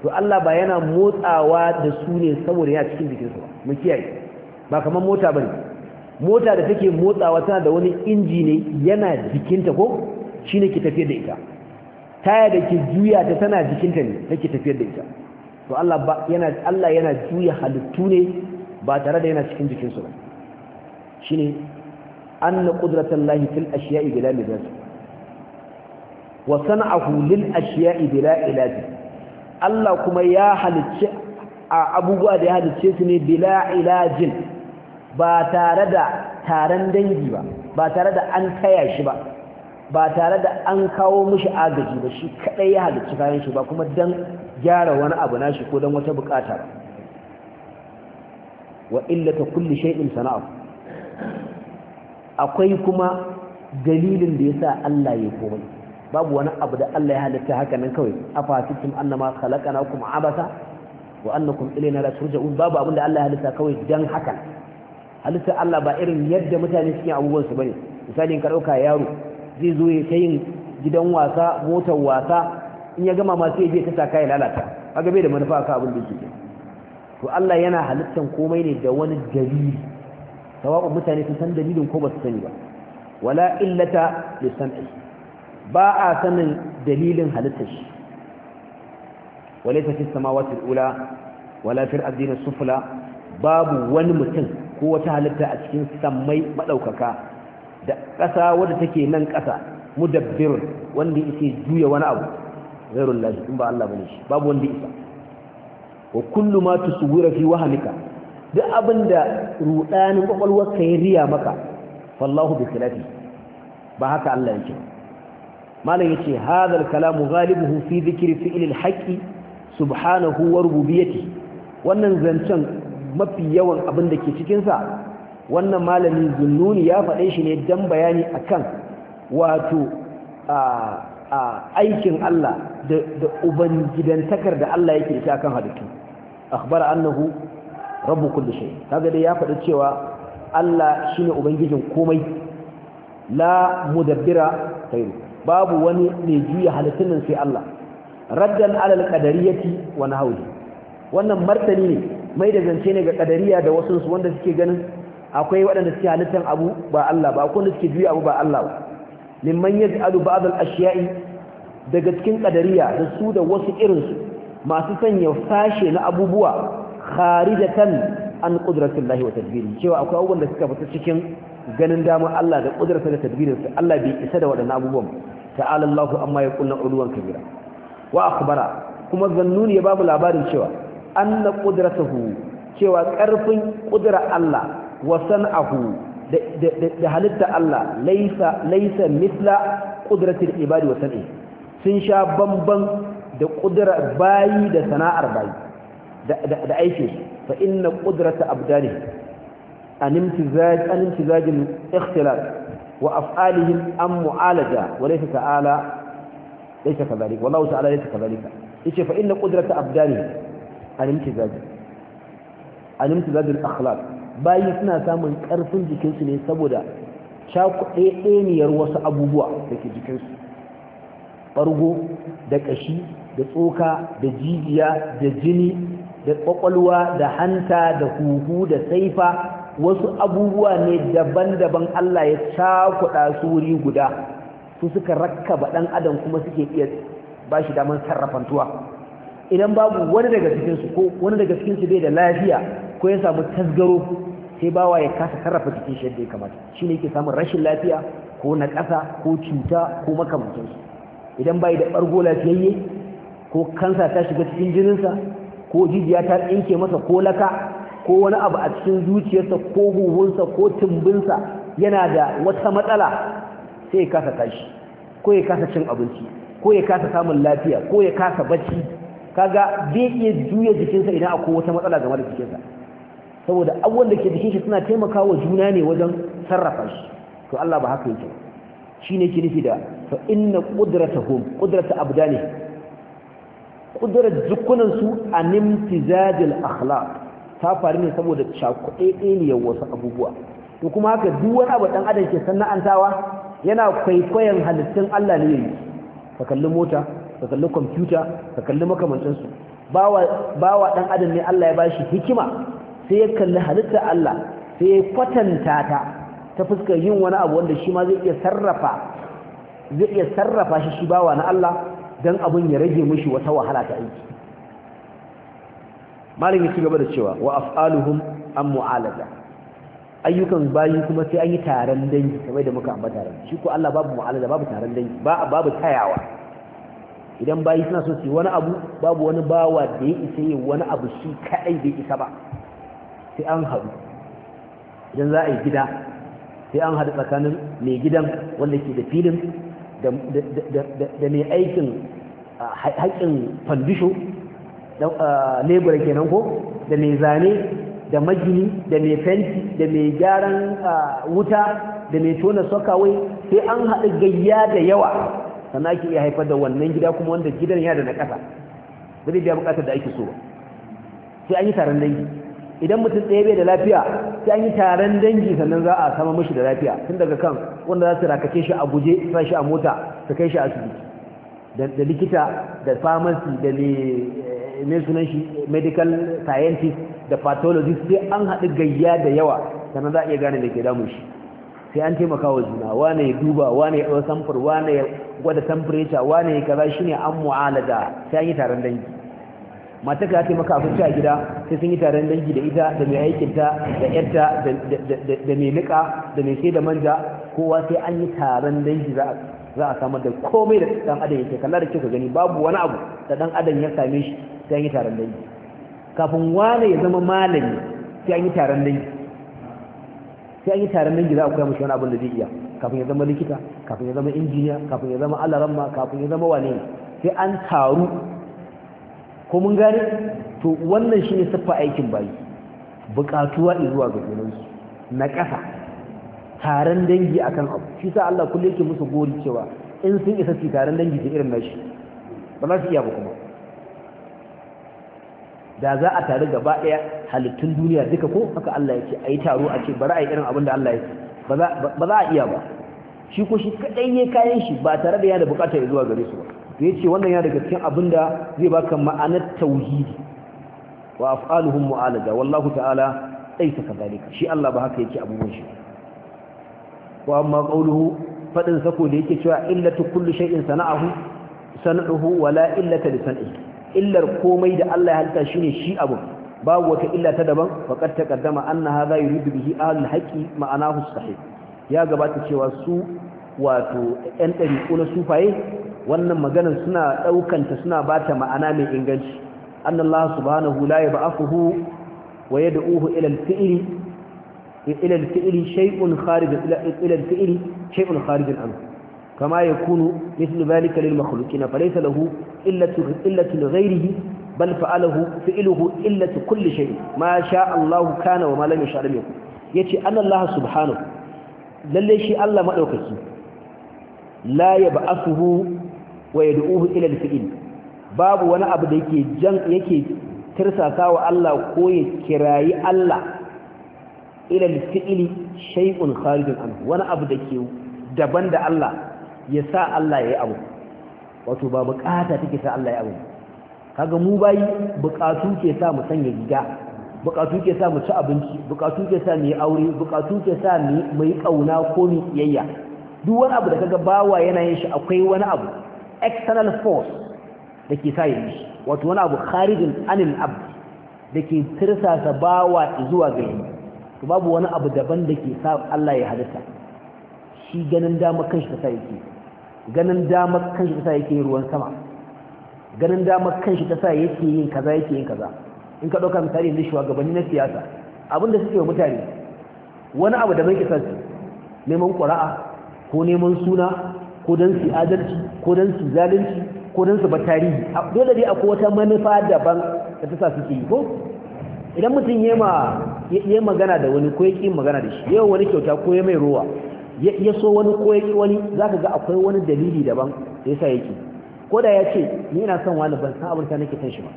to Allah ba yana motsawa da su ne saboda yana cikin jikinsu ba mu kiyaye ba kamar mota bane mota da take motsawa tana da wani inji ne yana jikinta ko shine ke tafiyar da ita taya da ke juya ta tana jikinta ne take tafiyar da ita to Allah ba yana Allah yana juya halittu ne ba tare da yana cikin jikinsu ba shine anna qudratullahi fil ashiya'i bila mizaj wa san'ahu lil ashiya'i bila ilaj Allah kuma ya halicce a abubuwa da ya halicce su ne bila ilajin ba tare da taron dangi ba ba tare da an taya shi ba ba tare da an kawo mishi agaji ba shi kadai ya halicci kayan shi ba kuma dan gyara wani abu nashi ko dan wata bukata ba wa illata kulli shay'in sana'a akwai kuma dalilin da yasa Allah ya komai babu wani abu da Allah ya halitta haka nan kawai afatikum annama khalaqnakum abasa wa annakum ilayna la turja'un babu abin da Allah ya halitta kawai dan haka halitta Allah ba irin yadda mutane suke abubuwan su bane misalin ka dauka yaro zai zo ya kai gidan wasa motar wasa in ya gama masu yaje ta taka ya lalata kaga bai da manufa ka abin da yake to Allah yana halittan komai ne da wani dalili sawabu mutane sun san dalilin ko ba su sani ba wala illata li sam'i ba a sanin dalilin halittar shi walaysa fi samawati al-ula wala fil ardi as-sufla babu wani mutum ko wata halitta a cikin sammai madaukaka da ƙasa wadda take nan ƙasa mudabbirun wanda yake juya wani abu ghairul lahi in ba Allah bane shi babu wanda isa wa kullu ma tusawwira fi wahmika duk abinda rudanin ka yi riya maka fallahu bi khilafi ba haka Allah yake malam yace hadha al kalamu ghalibuhu fi dhikri fi'l al haqqi subhanahu wa rububiyyatihi wannan zancen mafi yawan abinda ke cikin sa wannan malamin zununi ya faɗe shi ne dan bayani akan wato aikin Allah da ubangidantakar da Allah yake ita kan halittu akhbar annahu rabbu kulli shay kaga dai ya faɗi cewa Allah shine ubangijin komai la mudabbira khairu babu wani ne juya halittun nan sai Allah raddan alal qadariyati wa nahwi wannan martani ne mai da zance ne ga qadariya da wasu wanda suke ganin akwai waɗanda suke halittar abu ba Allah ba akwai wanda suke juya abu ba Allah ba mimman yaj'alu ba'd al-ashiya'i daga cikin qadariya da su da wasu irin su masu sanya sashe na abubuwa kharijatan an qudratillahi wa tadbiri cewa akwai abubuwan da suka fita cikin ganin damar Allah da qudratar da tadbirin sa Allah bai isa da waɗannan abubuwan ta'ala Allahu amma yaqulna uluwan kabira wa akhbara kuma zannuni ya babu labarin cewa anna qudratuhu cewa ƙarfin qudrar Allah wasan ahu da halitta Allah laisa mitla misla qudratil ibadi wasan san'i sun sha bamban da qudrar bayi da sana'ar bayi da aikin fa inna qudrata abdani an imtizaj wa af'alihim am mu'alaja wa ta'ala wallahu ta'ala fa inna abdani an imtizaj an imtizaj al bayi suna samun ƙarfin jikinsu ne saboda cakuɗaɗɗeniyar wasu abubuwa da ke jikinsu ɓargo da ƙashi da tsoka da jijiya da jini da ƙwaƙwalwa da hanta da huhu da saifa wasu abubuwa ne daban-daban Allah ya cakuɗa su wuri guda su suka rakka ba ɗan adam kuma suke iya ba shi damar sarrafantuwa idan babu wani daga cikinsu ko wani daga cikinsu bai da lafiya ko ya samu tasgaro sai bawa ya kasa sarrafa jikin shi yadda ya kamata shi ne yake samun rashin lafiya ko na ƙasa ko cuta ko makamantansu idan bai da ɓargo lafiyayye ko kansa ta shiga cikin jininsa ko jijiya ta tsinke masa ko laka ko wani abu a cikin zuciyarsa ko huhunsa ko tumbinsa yana da wata matsala sai ya kasa tashi ko ya kasa cin abinci ko ya kasa samun lafiya ko ya kasa bacci kaga zai iya juya jikinsa idan akwai wata matsala game da jikinsa saboda abubuwan da ke jikin shi suna taimakawa juna ne wajen sarrafa shi to Allah ba haka yake shi ne ke nufi da fa inna qudratahum qudratu abdani qudrat zukunan a an imtizajil akhlaq ta faru ne saboda cakuɗeɗeniyar wasu abubuwa to kuma haka duk wani abu dan adam ke sana'antawa yana kwaikwayon halittun Allah ne yanzu. ka kalli mota ka kalli kwamfuta ka kalli makamancinsu bawa ɗan adam ne Allah ya bashi hikima sai ya kalli halitta Allah sai ya kwatanta ta ta fuskar yin wani abu wanda shi ma zai iya sarrafa zai iya sarrafa shi shi bawa na Allah dan abun ya rage mishi wata wahala ta aiki Malami ya ci gaba da cewa wa af'aluhum am mu'alaja ayyukan bayi kuma sai an yi taron dangi kamar da muka ambata ran shi ko Allah babu mu'alaja babu taron dangi ba babu tayawa idan bayi suna so su wani abu babu wani bawa da ya isa yi wani abu shi kadai bai isa ba sai an haɗu idan za a yi gida sai an haɗu tsakanin mai gidan wanda ke da filin da mai aikin haƙƙin fandisho lebura kenan ko da mai zane da magini da mai fenti da mai gyaran wuta da mai tona sokawai sai an haɗu gayya da yawa sannan ake iya haifar da wannan gida kuma wanda gidan ya da na ƙasa zai biya buƙatar da ake so sai an yi taron dangi idan mutum ɗaya bai da lafiya sai an yi taron dangi sannan za a sama mashi da lafiya tun daga kan wanda za su rakace shi a guje sa shi a mota su kai shi asibiti da likita da pharmacy da mai eh, sunan shi medical scientist da pathologist sai an haɗu gayya da yawa sannan za a iya gane da ke damun shi sai an taimaka wa juna wane ya duba wane ya ɗau samfur wane ya gwada temperature wane ya kaza shine an mu'alada sai an yi taron dangi mata ka ta maka abinci a gida sai sun yi taron dangi da ita da mai aikinta da yarta da mai nika da mai sai da manja kowa sai an yi taron dangi za a samar da komai da dan adam yake kalla da kika gani babu wani abu da dan adam ya same shi sai an yi taron dangi kafin wane ya zama malami sai an yi taron dangi sai an yi taron dangi za a koya mashi wani abin da zai iya kafin ya zama likita kafin ya zama injiniya kafin ya zama alaramma kafin ya zama wane sai an taru ko mun gane to wannan shi ne siffa aikin bayi buƙatuwa zuwa ga junansu na ƙasa taron dangi akan abu shi sa Allah kullum yake musu gori cewa in sun isa su taron dangi ta irin nashi ba za su iya ba kuma da za a taru gaba ɗaya halittun duniya duka ko haka Allah yake a yi taro a ce bari a yi irin abin da Allah yake ba za a iya ba shi ko shi kaɗai ya kayan shi ba tare da yana buƙatar zuwa gare su ba ya ce wannan ya daga cikin abinda zai baka ma'anar tauhidi wa af'aluhum mu'alaja wallahu ta'ala laysa kadhalika shi Allah ba haka yake abubuwan shi wa amma qawluhu fadin sako da yake cewa illatu kulli shay'in sana'ahu san'uhu wala illata li san'ihi illar komai da Allah ya halitta shine shi abu babu wata illa ta daban faqad taqaddama anna hadha yuridu bihi ahlul haqqi ma'anahu sahih ya gabata cewa su wato ɗan ɗariƙo na sufaye wannan maganar suna ɗaukanta suna bata ma'ana mai inganci annallahu subhanahu la yab'athuhu wa yad'uhu ila al-fi'li ila al-fi'li shay'un kharij ila al-fi'li shay'un kharij anhu kama yakunu mithlu dhalika lil makhluqina falaysa lahu illatu illatu li ghayrihi bal fa'alahu fi'luhu illatu kulli shay ma sha'a Allah kana wa ma lam yasha' lam yakun yace annallahu subhanahu lalle shi Allah madaukaki la yab'athuhu wa yad'uhu ila al-fi'l babu wani abu da yake jan yake tirsasa wa Allah ko ya kirayi Allah ila al-fi'l shay'un kharijun an wani abu da ke daban da Allah ya sa Allah yayi abu wato ba bukata take sa Allah yayi abu kaga mu bai bukatu ke sa mu sanya gida bukatu ke sa mu ci abinci bukatu ke sa mu yi aure bukatu ke sa mu yi kauna ko mu yayya duk wani abu da kaga bawa yana yin shi akwai wani abu external force da ke sa shi wato wani abu kharijin anil ab da ke tirsasa bawa zuwa ga yi to babu wani abu daban da ke sa Allah ya halitta shi ganin dama kanshi ta sa yake ganin dama kanshi ta sa yake ruwan sama ganin dama kanshi ta sa yake yin kaza yake yin kaza in ka ɗauka misali na shugabanni na siyasa abinda suke wa mutane wani abu da mai kisa su neman ƙura'a ko neman suna ko don su adalci ko don su zalunci ko don su ba tarihi dole dai akwai wata manufa daban da ta sa suke yi ko idan mutum ya magana da wani ko ya ƙi magana da shi yawan wani kyauta ko ya mai ruwa ya so wani ko ya ƙi wani za ka ga akwai wani dalili daban da ya sa yake ko da ya ce ni ina son wani ban san ta nake san shi ba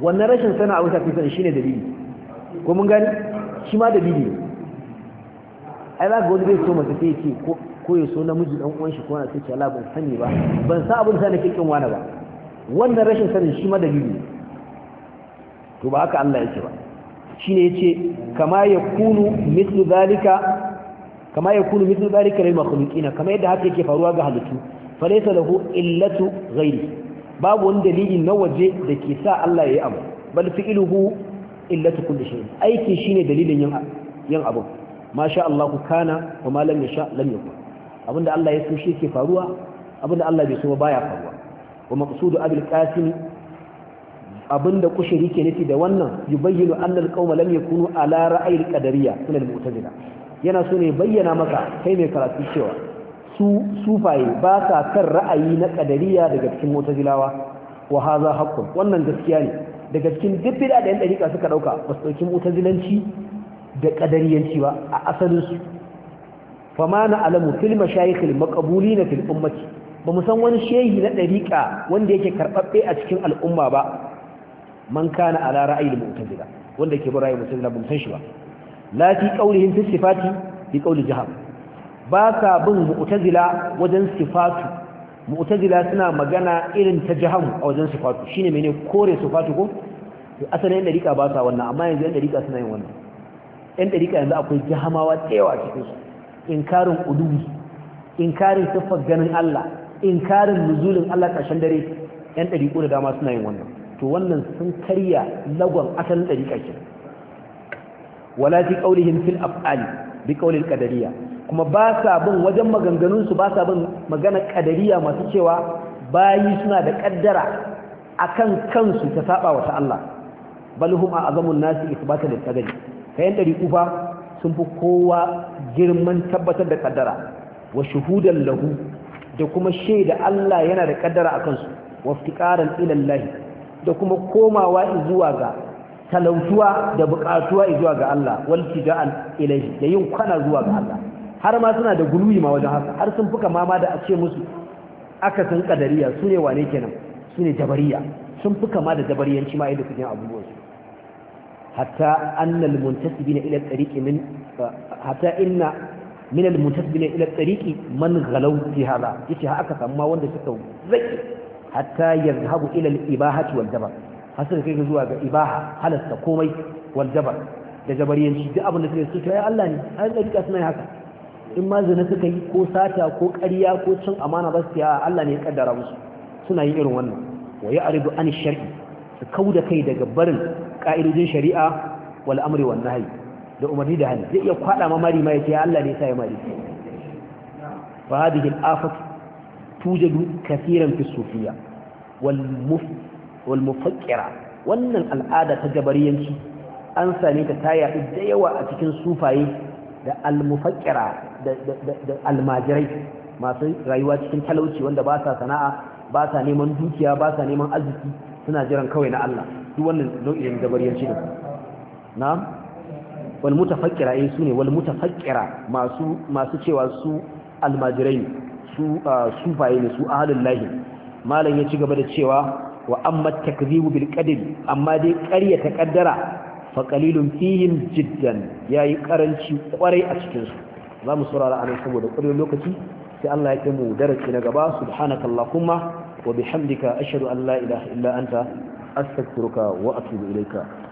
wannan rashin sana abinta kai son shi ne dalili ko mun gani shi ma dalili ne ai za ga wani zai so masu sai ce ko ya so namiji dan uwan shi ko na ce Allah ban sani ba ban sa abin da nake kin wani ba wannan rashin sanin shi ma dalili to ba haka Allah yake ba shine yace kama yakunu mithlu zalika kama yakunu mithlu zalika lil makhluqina kama yadda haka yake faruwa ga halittu falaysa lahu illatu ghairi babu wani dalili na waje da ke sa Allah ya yi abu bal fi'luhu illatu kulli shay aiki shine dalilin yin yin abu ma sha Allah kana wa ma lam yasha lam abinda Allah ya so shi ke faruwa abinda Allah bai so ba baya faruwa wa maqsudu abul qasim abinda kushiri ke nufi da wannan yubayyinu anna alqawma lam yakunu ala ra'ayi alqadariyya min almu'tazila yana so ne bayyana maka kai mai karatu cewa su sufaye ba sa kan ra'ayi na qadariyya daga cikin mu'tazilawa wa hadha haqqun wannan gaskiya ne daga cikin duk bid'a da yan dariƙa suka dauka ba su dauki mu'tazilanci da qadariyanci ba a asalin su fama na alamu filma mashayikh al maqbulina fil ummati ba mu san wani shehi na dariqa wanda yake karbabbe a cikin al'umma ba man kana ala ra'ayi al mu'tazila wanda ke bi ra'ayi mu'tazila ba mu san shi ba la fi qawlihim fi sifati fi qawli jahab ba ka bin mu'tazila wajen sifatu mu'tazila suna magana irin ta jaham a wajen sifatu shine mene kore sifatu ko asalin dariqa ba sa wannan amma yanzu yan dariqa suna yin wannan yan dariqa yanzu akwai jahamawa tsayawa cikin su inkarin ƙudubi inkarin tuffar ganin Allah inkarin nuzulin Allah ƙarshen dare yan ɗariƙo da dama suna yin wannan to wannan sun karya lagon asalin ɗariƙa ke wala fi ƙaunihin fil af'ali bi ƙaunin ƙadariya kuma ba sa bin wajen maganganunsu ba sa bin magana ƙadariya masu cewa bayi suna da ƙaddara akan kansu ta saba wa Allah bal a azamun nasi isbata da qadari kayan ɗariƙu fa sun fi kowa girman tabbatar da kaddara wa shuhudan lahu da kuma shaida Allah yana da kaddara akan su wa iftiqaran ila Allah da kuma komawa zuwa ga talautuwa da buƙatuwa zuwa ga Allah wal tijaan ilayhi da yin kwana zuwa ga Allah har ma suna da guluyi ma wajen haka har sun fuka mama da a ce musu aka san kadariya su ne wane kenan su ne jabariya sun fuka ma da jabariyanci ma yadda kujin abubuwan su hatta annal muntasibina ila tariqi min Hata inna min al-mutasbila ila tariqi man ghalaw hada yace ha aka samu wanda suka zaki hatta yazhabu ila al-ibahati wal kai zuwa ga ibaha halasta komai wal jabr da jabariyanci duk abin da suke su ya Allah ne ai tariqa suna haka in ma zina suka yi ko sata ko ƙarya ko cin amana ba su ya Allah ne ya kaddara musu suna yin irin wannan wa ya'ridu an shar'i su kauda kai daga barin ka'idojin shari'a wal amri wan nahyi da umarni da hannu zai iya kwada ma mari mai ya Allah ne sai mari fa hadhihi al-afat tujadu kaseeran fi sufiyya wal muf wal mufakkira wannan al'ada ta jabariyanci an same ta ta da yawa a cikin sufaye da al-mufakkira da almajirai masu rayuwa cikin talauci wanda ba sa sana'a ba sa neman dukiya ba sa neman arziki suna jiran kawai na Allah duk wannan nau'in jabariyanci ne na'am wal mutafakkira eh sune wal mutafakkira masu masu cewa su almajirai su sufaye ne su ahlul lahi malam ya ci gaba da cewa wa amma takdhibu bil qadari amma dai ƙarya ta kaddara fa qalilun fihim jiddan yayi karanci kwarai a cikin su zamu saurara anan saboda ƙwarin lokaci sai Allah ya kai mu darasi na gaba subhanakallahumma wa bihamdika ashhadu an la ilaha illa anta astaghfiruka wa atubu ilayka